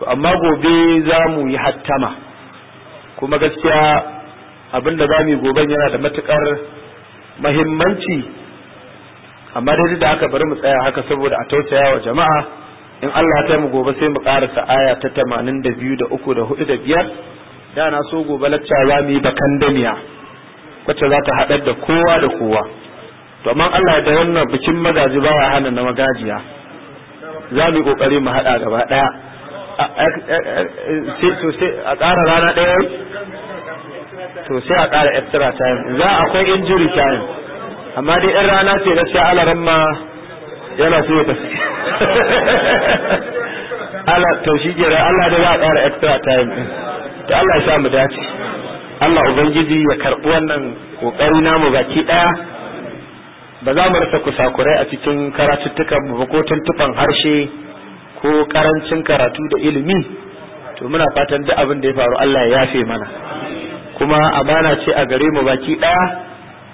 to amma gobe za mu yi hattama kuma gaskiya abin da za mu yi goben yana da matukar mahimmanci amma dai da aka bari mu tsaya haka saboda a tausaya wa jama'a in Allah ta mu gobe sai mu karasa aya ta tamanin da biyu da uku da hudu da biyar da na so gobe lacca za mu yi bakan damiya wacce za ta haɗar da kowa da kowa to amma Allah da wannan bikin magaji ba ya hana na magajiya za mu yi kokari mu haɗa gaba ɗaya a tsara rana ɗaya to sai a ƙara extra time za akwai injury time amma dai ɗan rana ce gaskiya alaran ma yana so ta tafi ala to shi ke Allah da za a ƙara extra time to Allah ya sa mu dace Allah ubangiji ya karɓi wannan kokari namu baki ɗaya ba za mu rasa kusakurai a cikin karatuttukan mu ko tuntuban harshe ko karancin karatu da ilimi to muna fatan duk abin da ya faru Allah ya yafe mana kuma amana ce a gare mu baki ɗaya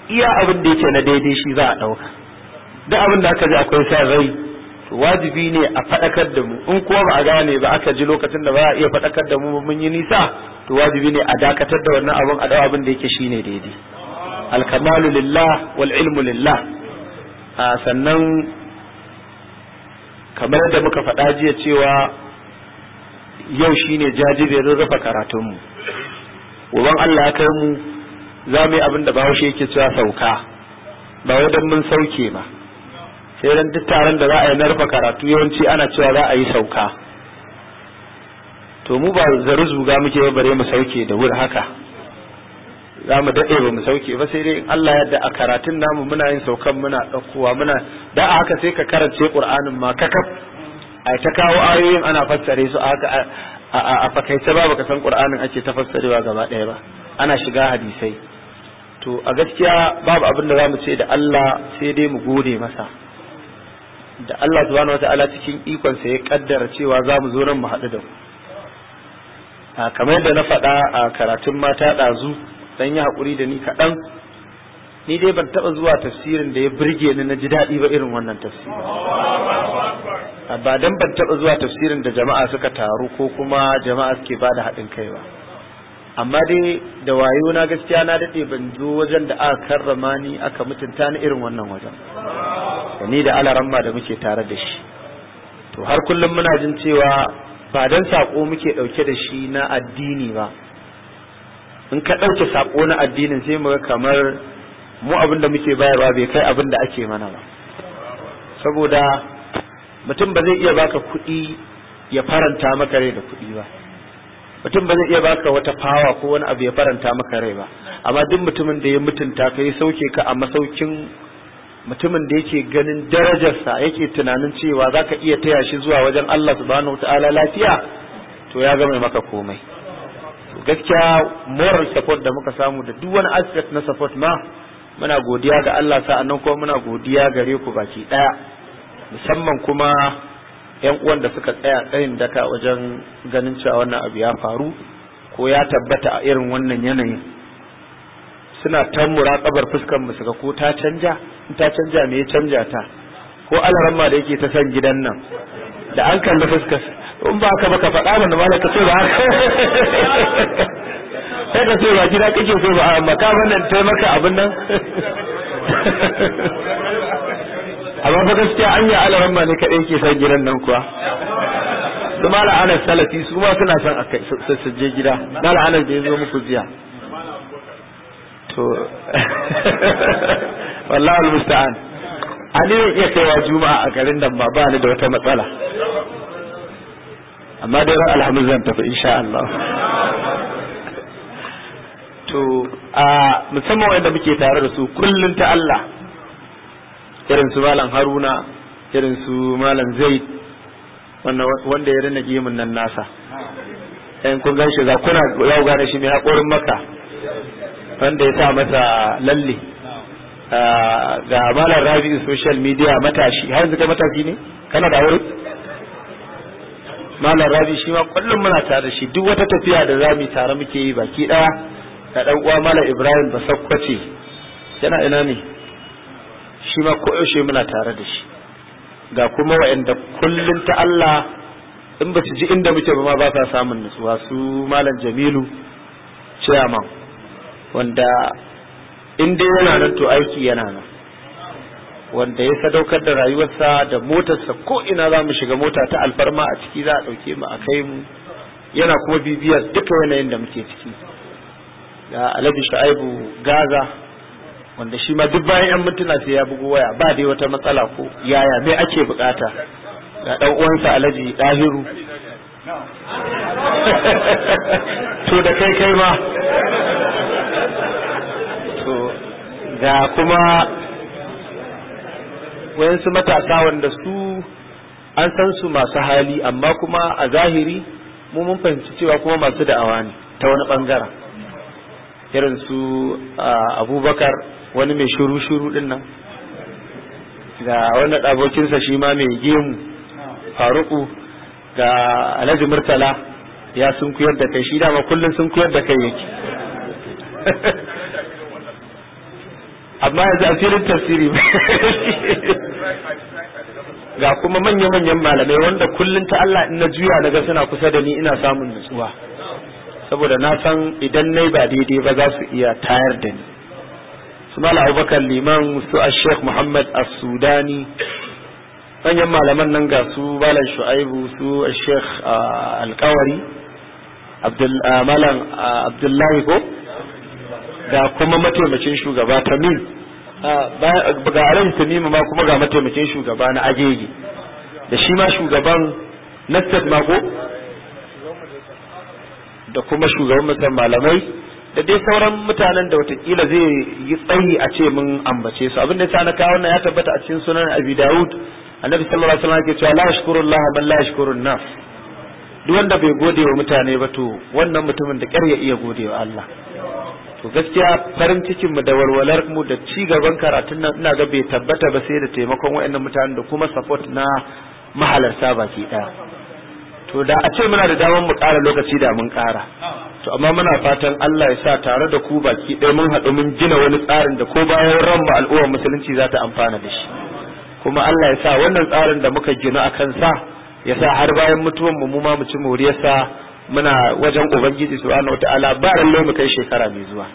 iya abin da yake na daidai shi za a ɗauka duk abin da aka ji akwai sa rai wajibi ne a faɗakar da mu in kuma ba a gane ba aka ji lokacin da ba a iya faɗakar da mu mun yi nisa to wajibi ne a dakatar da wannan abin a dawo abin da yake shi ne daidai alkamalu lillah wal ilmu lillah a sannan kamar da muka faɗa jiya cewa yau shine jajiberin rufe karatunmu uban Allah ya kai mu za mu yi abin da bahaushe yake cewa sauka ba wai mun sauke ba sai ran duk taron da za a yi na rufe karatu yawanci ana cewa za a yi sauka to mu ba zaru zuga muke ba bare mu sauke da wuri haka za mu daɗe ba mu sauke ba sai dai in Allah yadda a karatun namu muna yin saukan muna ɗaukowa muna da haka sai ka karance ƙur'anin ma kakaf ai ta kawo ayoyin ana fassare su haka a fakaice ba baka san qur'anin ake tafassarewa gaba ɗaya ba ana shiga hadisai to a gaskiya babu abin da zamu ce da Allah sai dai mu gode masa da Allah subhanahu wataala cikin ikon sa ya kaddara cewa zamu zo nan mu haɗu da ku kamar yadda na faɗa a karatun mata ɗazu dan yi haƙuri da ni kaɗan ni dai ban taba zuwa tafsirin da ya burge ni na ji daɗi ba irin wannan tafsirin ah, ba dan ban taba zuwa tafsirin da jama'a suka taru ko kuma jama'a suke bada haɗin kai ba amma dai da wayo na gaskiya na daɗe ban zo wajen da aka karrama ni aka mutunta ni irin wannan wajen da ni da alaramma da muke tare da shi to har kullum muna jin cewa ba dan sako muke ɗauke da shi na addini ba in ka ɗauke sako na addinin sai muga kamar mu abin da muke bayarwa bai kai abin da ake mana ba saboda mutum ba zai iya baka kuɗi ya faranta maka rai da kuɗi ba mutum ba zai iya baka wata fawa ko wani abu ya faranta maka rai ba amma duk mutumin da ya mutunta ka ya sauke ka a masaukin mutumin da yake ganin darajarsa yake tunanin cewa zaka iya taya shi zuwa wajen Allah subhanahu ta'ala lafiya to ya gama maka komai gaskiya moral support da muka samu da duk wani aspect na support ma muna godiya ga Allah sa'annan kuma muna godiya gare ku baki daya musamman kuma yan uwan da suka tsaya tsayin daka wajen ganin cewa wannan abu ya faru ko ya tabbata a irin wannan yanayin suna ta kabar fuskar mu suka ko ta canja in ta canja me ya canja ta ko alaramma da yake ta san gidan nan da an kalli fuskar in ba ka baka faɗa mana ma ce ba har. ka ce ba gida kake so ba a makaman nan tai maka abin nan amma fa gaskiya an yi alaran ma ne ka ke san gidan nan kuwa su mala anas salafi su ma suna son a kai je gida mala anas da ya zo muku jiya to wallahi almusta'an ali zai iya kaiwa juma'a a garin nan ba ba ni da wata matsala amma dai ran alhamdulillah zan tafi insha Allah to a musamman wanda muke tare da su kullum ta Allah irin su malam Haruna irin su malam Zaid wanda ya rinna gimin nan nasa ɗan kun gan shi za kuna za ku gane shi mai haƙorin maka wanda ya sa masa lalle ga malam Rabi social media matashi har yanzu kai matashi ne kana da aure malam rabi shi ma kullum muna tare da shi duk wata tafiya da zamu tare muke yi baki daya da dan uwa malam Ibrahim Basakwace yana ina ne shi ma ko yaushe muna tare da shi ga kuma waɗanda kullum ta Allah in ba su ji inda muke ba ma ba sa samun nutsuwa su malam Jamilu chairman wanda in dai yana nan to aiki yana nan wanda ya sadaukar da rayuwarsa da motarsa ko ina za mu shiga mota ta alfarma a ciki za a ɗauke mu a kai mu yana kuma bibiyar duka yanayin da muke ciki da alhaji shu'aibu gaza wanda shi ma duk bayan yan mintuna sai ya bugu waya ba dai wata matsala ko yaya me ake bukata ga dan uwansa alhaji dahiru to da kai kai ma to ga kuma wayansu matasa wanda su an san su masu hali amma kuma a zahiri mu mun fahimci cewa kuma masu da'awa ne ta wani bangaren irin su abubakar wani mai shuru-shuru din nan ga wannan abokinsa shi ma mai gemu faruku ga alhaji murtala ya sun kuyar da kai shi dama kullum sun kuyar da kai yake amma yanzu a filin ba ga kuma manya-manyan malamai wanda kullum ta Allah in na juya na ga suna kusa da ni ina samun nutsuwa saboda na san idan nai ba daidai ba za su iya tayar da ni su mala abubakar liman su a sheikh muhammad a sudani manyan malaman nan ga su Balan shu'aibu su a sheikh alkawari malam abdullahi ko ga kuma mataimakin shugaba ta min ga alam tamimu ma kuma ga mataimakin shugaba na agege da shi ma shugaban nastat ma ko da kuma shugaban masar malamai da dai sauran mutanen da watakila zai yi tsayi a ce mun ambace su abin da ya na kawo wannan ya tabbata a cikin sunan abi Da'ud annabi sallallahu alaihi wasallam yake cewa la shukuru allah man la yashkuru nas duk wanda bai gode wa mutane ba to wannan mutumin da ƙyar ya iya gode wa Allah to gaskiya farin cikin mu da walwalar mu da ci gaban karatun nan ina ga bai tabbata ba sai da taimakon waɗannan mutanen da kuma support na mahalarta baki ɗaya to da a ce muna da damar mu ƙara lokaci da mun ƙara to amma muna fatan Allah ya sa tare da ku baki ɗaya mun haɗu mun gina wani tsarin da ko bayan ran ba al'ummar musulunci za ta amfana da shi kuma Allah ya sa wannan tsarin da muka gina a sa ya sa har bayan mutuwan mu ma mu ci sa muna wajen ubangiji subhanahu wataala ba lo mu kai shekara mai zuwa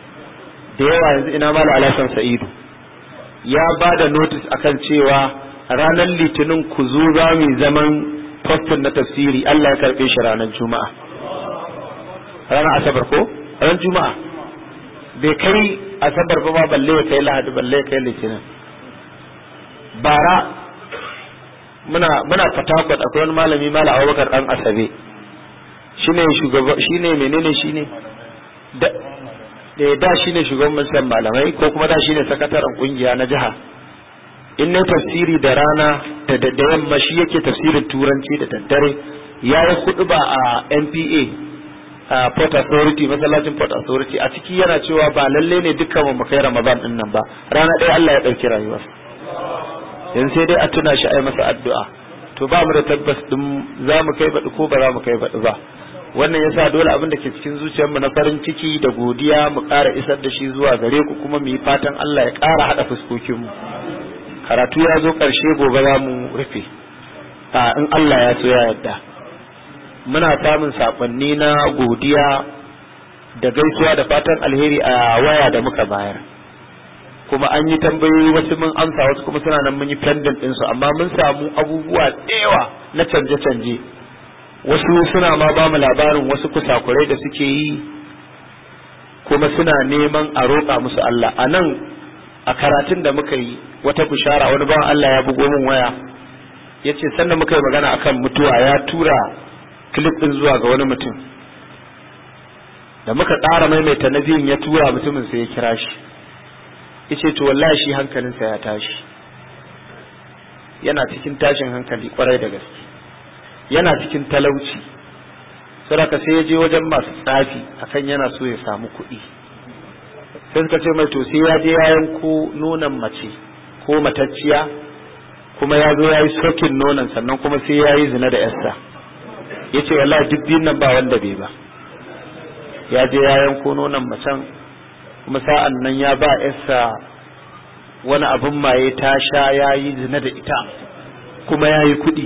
da yawa yanzu ina mala alasan sa'idu ya ba da notice akan cewa ranar litinin ku zo za mu zaman postin na tafsiri Allah ya karbe shi ranar juma'a ranar asabar ko ranar juma'a bai kai asabar ba balle ya kai lahadi balle ya kai litinin bara muna muna fatakwat akwai wani malami mala abubakar dan asabe shine shugaba shine menene shine da eh, da shine shugaban malamai ko kuma da shine sakataren kungiya na jiha in na tafsiri da rana da da yamma shi yake tafsirin turanci da daddare ya yi kudu ba a NPA a Port Authority masallacin Port Authority a ciki yana cewa ba lalle ne dukkan mu kai Ramadan din nan ba rana ɗaya Allah ya ɗauki rayuwar yanzu sai dai a tuna shi ai masa addu'a to ba mu da tabbas din za mu kai baɗi ko ba za mu kai baɗi ba wannan yasa dole abin da ke cikin zuciyarmu na farin ciki da godiya mu ƙara isar da shi zuwa gare ku kuma mu yi fatan Allah ya ƙara haɗa fuskokinmu karatu ya zo ƙarshe gobe za mu rufe a in Allah ya so ya yarda muna samun saƙonni na godiya da gaisuwa da fatan alheri a waya da muka bayar kuma an yi tambayoyi wasu mun amsa wasu kuma suna nan mun yi pendant ɗinsu amma mun samu abubuwa tsewa na canje-canje wasu suna ma ba mu labarin wasu kusakurai da suke yi kuma suna neman a roƙa musu Allah a nan a karatun da muka yi wata bishara wani bawan Allah ya bugo min waya ya ce sannan muka yi magana akan mutuwa ya tura clip din zuwa ga wani mutum da muka tsara maimaita na biyun ya tura mutumin sai ya kira shi ya ce to wallahi shi hankalinsa ya tashi yana cikin tashin hankali kwarai da gaske yana cikin talauci sai ya je wajen masu tsafi akan yana so ya samu kuɗi sai suka ce mai to sai ya je ya yanko nonon mace ko matacciya kuma ya zo ya yi sokin nonon sannan kuma sai ya yi zina da yarsa ya ce wallahi duk biyun nan ba wanda bai ba ya je ya yanko nonon macen kuma sa'an nan ya ba yarsa wani abin maye ta sha ya yi zina da ita kuma ya yi kuɗi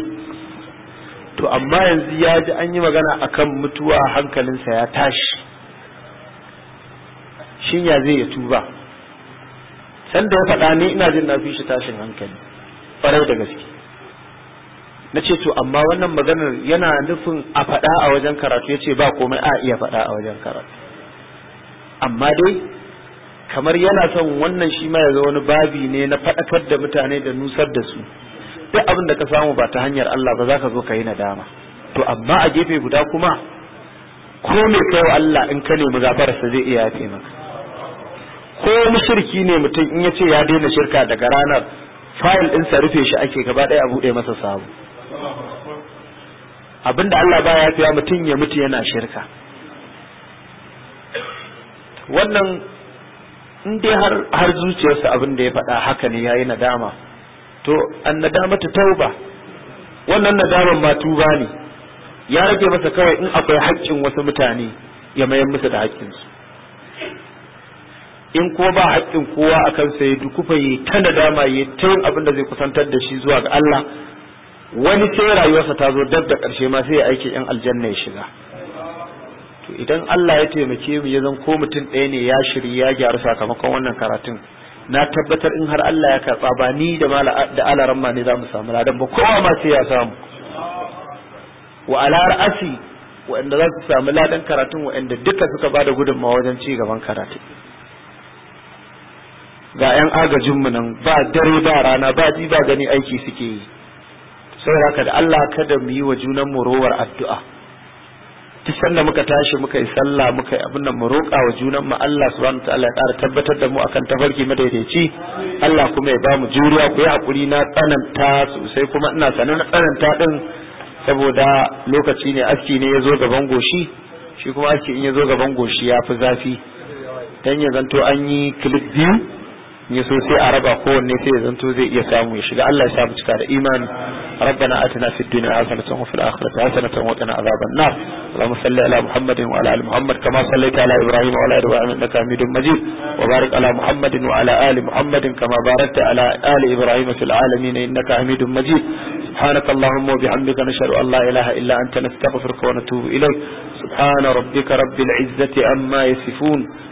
to amma yanzu ya ji an yi magana akan mutuwa hankalinsa ya tashi shin ya zai ya tuba sanda ya faɗa ni ina jin na fi shi tashin hankali farai da gaske na ce to amma wannan maganar yana nufin a faɗa a wajen karatu ya ce ba komai a iya faɗa a wajen karatu amma dai kamar yana son wannan shi ma ya zo wani babi ne na faɗakar da mutane da nusar da su duk abin da ka samu ba ta hanyar Allah ba za ka zo ka yi nadama to amma a gefe guda kuma ko mai kai wa Allah in ka nemi gafararsa zai iya yafe maka ko mushriki ne mutum in ya ce ya daina shirka daga ranar fayil din sa rufe shi ake gaba ɗaya a buɗe masa sabu abinda Allah baya fiya mutum ya mutu yana shirka wannan in dai har har zuciyarsa abin da ya faɗa haka ne yayi nadama to an nadama ta tauba wannan nadaman ma tuba ne ya rage masa kawai in akwai haƙƙin wasu mutane ya mayar musu da haƙƙinsu in ko ba haƙƙin kowa a kan sai dukufa ya ta nadama ya ta yin abin da zai kusantar da shi zuwa ga Allah wani sai rayuwarsa ta zo dab da ƙarshe ma sai ya aiki in aljanna ya shiga to idan Allah ya taimake mu ya ko mutum ɗaya ne ya shiri ya gyara sakamakon wannan karatun na tabbatar in har Allah ya karɓa ba ni da da alaran ma ne za mu samu ladan ba kowa ma sai ya samu wa ala ra'asi inda za su samu ladan karatun wa inda duka suka bada da gudunmawa wajen ci gaban karatun ga 'yan agajinmu nan ba dare ba rana ba ji ba gani aiki suke yi saboda haka da Allah kada mu yi wa junan mu rowar addu'a ta sanda muka tashi muka yi sallah muka yi abin da mu roƙa wa junan mu Allah subhanahu ta'ala ya ƙara tabbatar da mu akan tafarki madaidaici Allah kuma ya ba mu juriya ku yi hakuri na tsananta sosai kuma ina sanar na tsananta din saboda lokaci ne aski ne ya zo gaban goshi shi kuma aski in ya zo gaban goshi ya fi zafi dan ya zanto an yi clip biyu ya sai a raba kowanne sai ya zanto zai iya samu ya shiga Allah ya samu cika da imani ربنا آتنا في الدنيا حسنة وفي الآخرة حسنة وقنا عذاب النار اللهم صل على محمد وعلى آل محمد كما صليت على إبراهيم وعلى آل إبراهيم إنك حميد مجيد وبارك على محمد وعلى آل محمد كما باركت على آل إبراهيم في العالمين إنك حميد مجيد سبحانك اللهم وبحمدك نشهد أن لا إله إلا أنت نستغفرك ونتوب إليك سبحان ربك رب العزة عما يصفون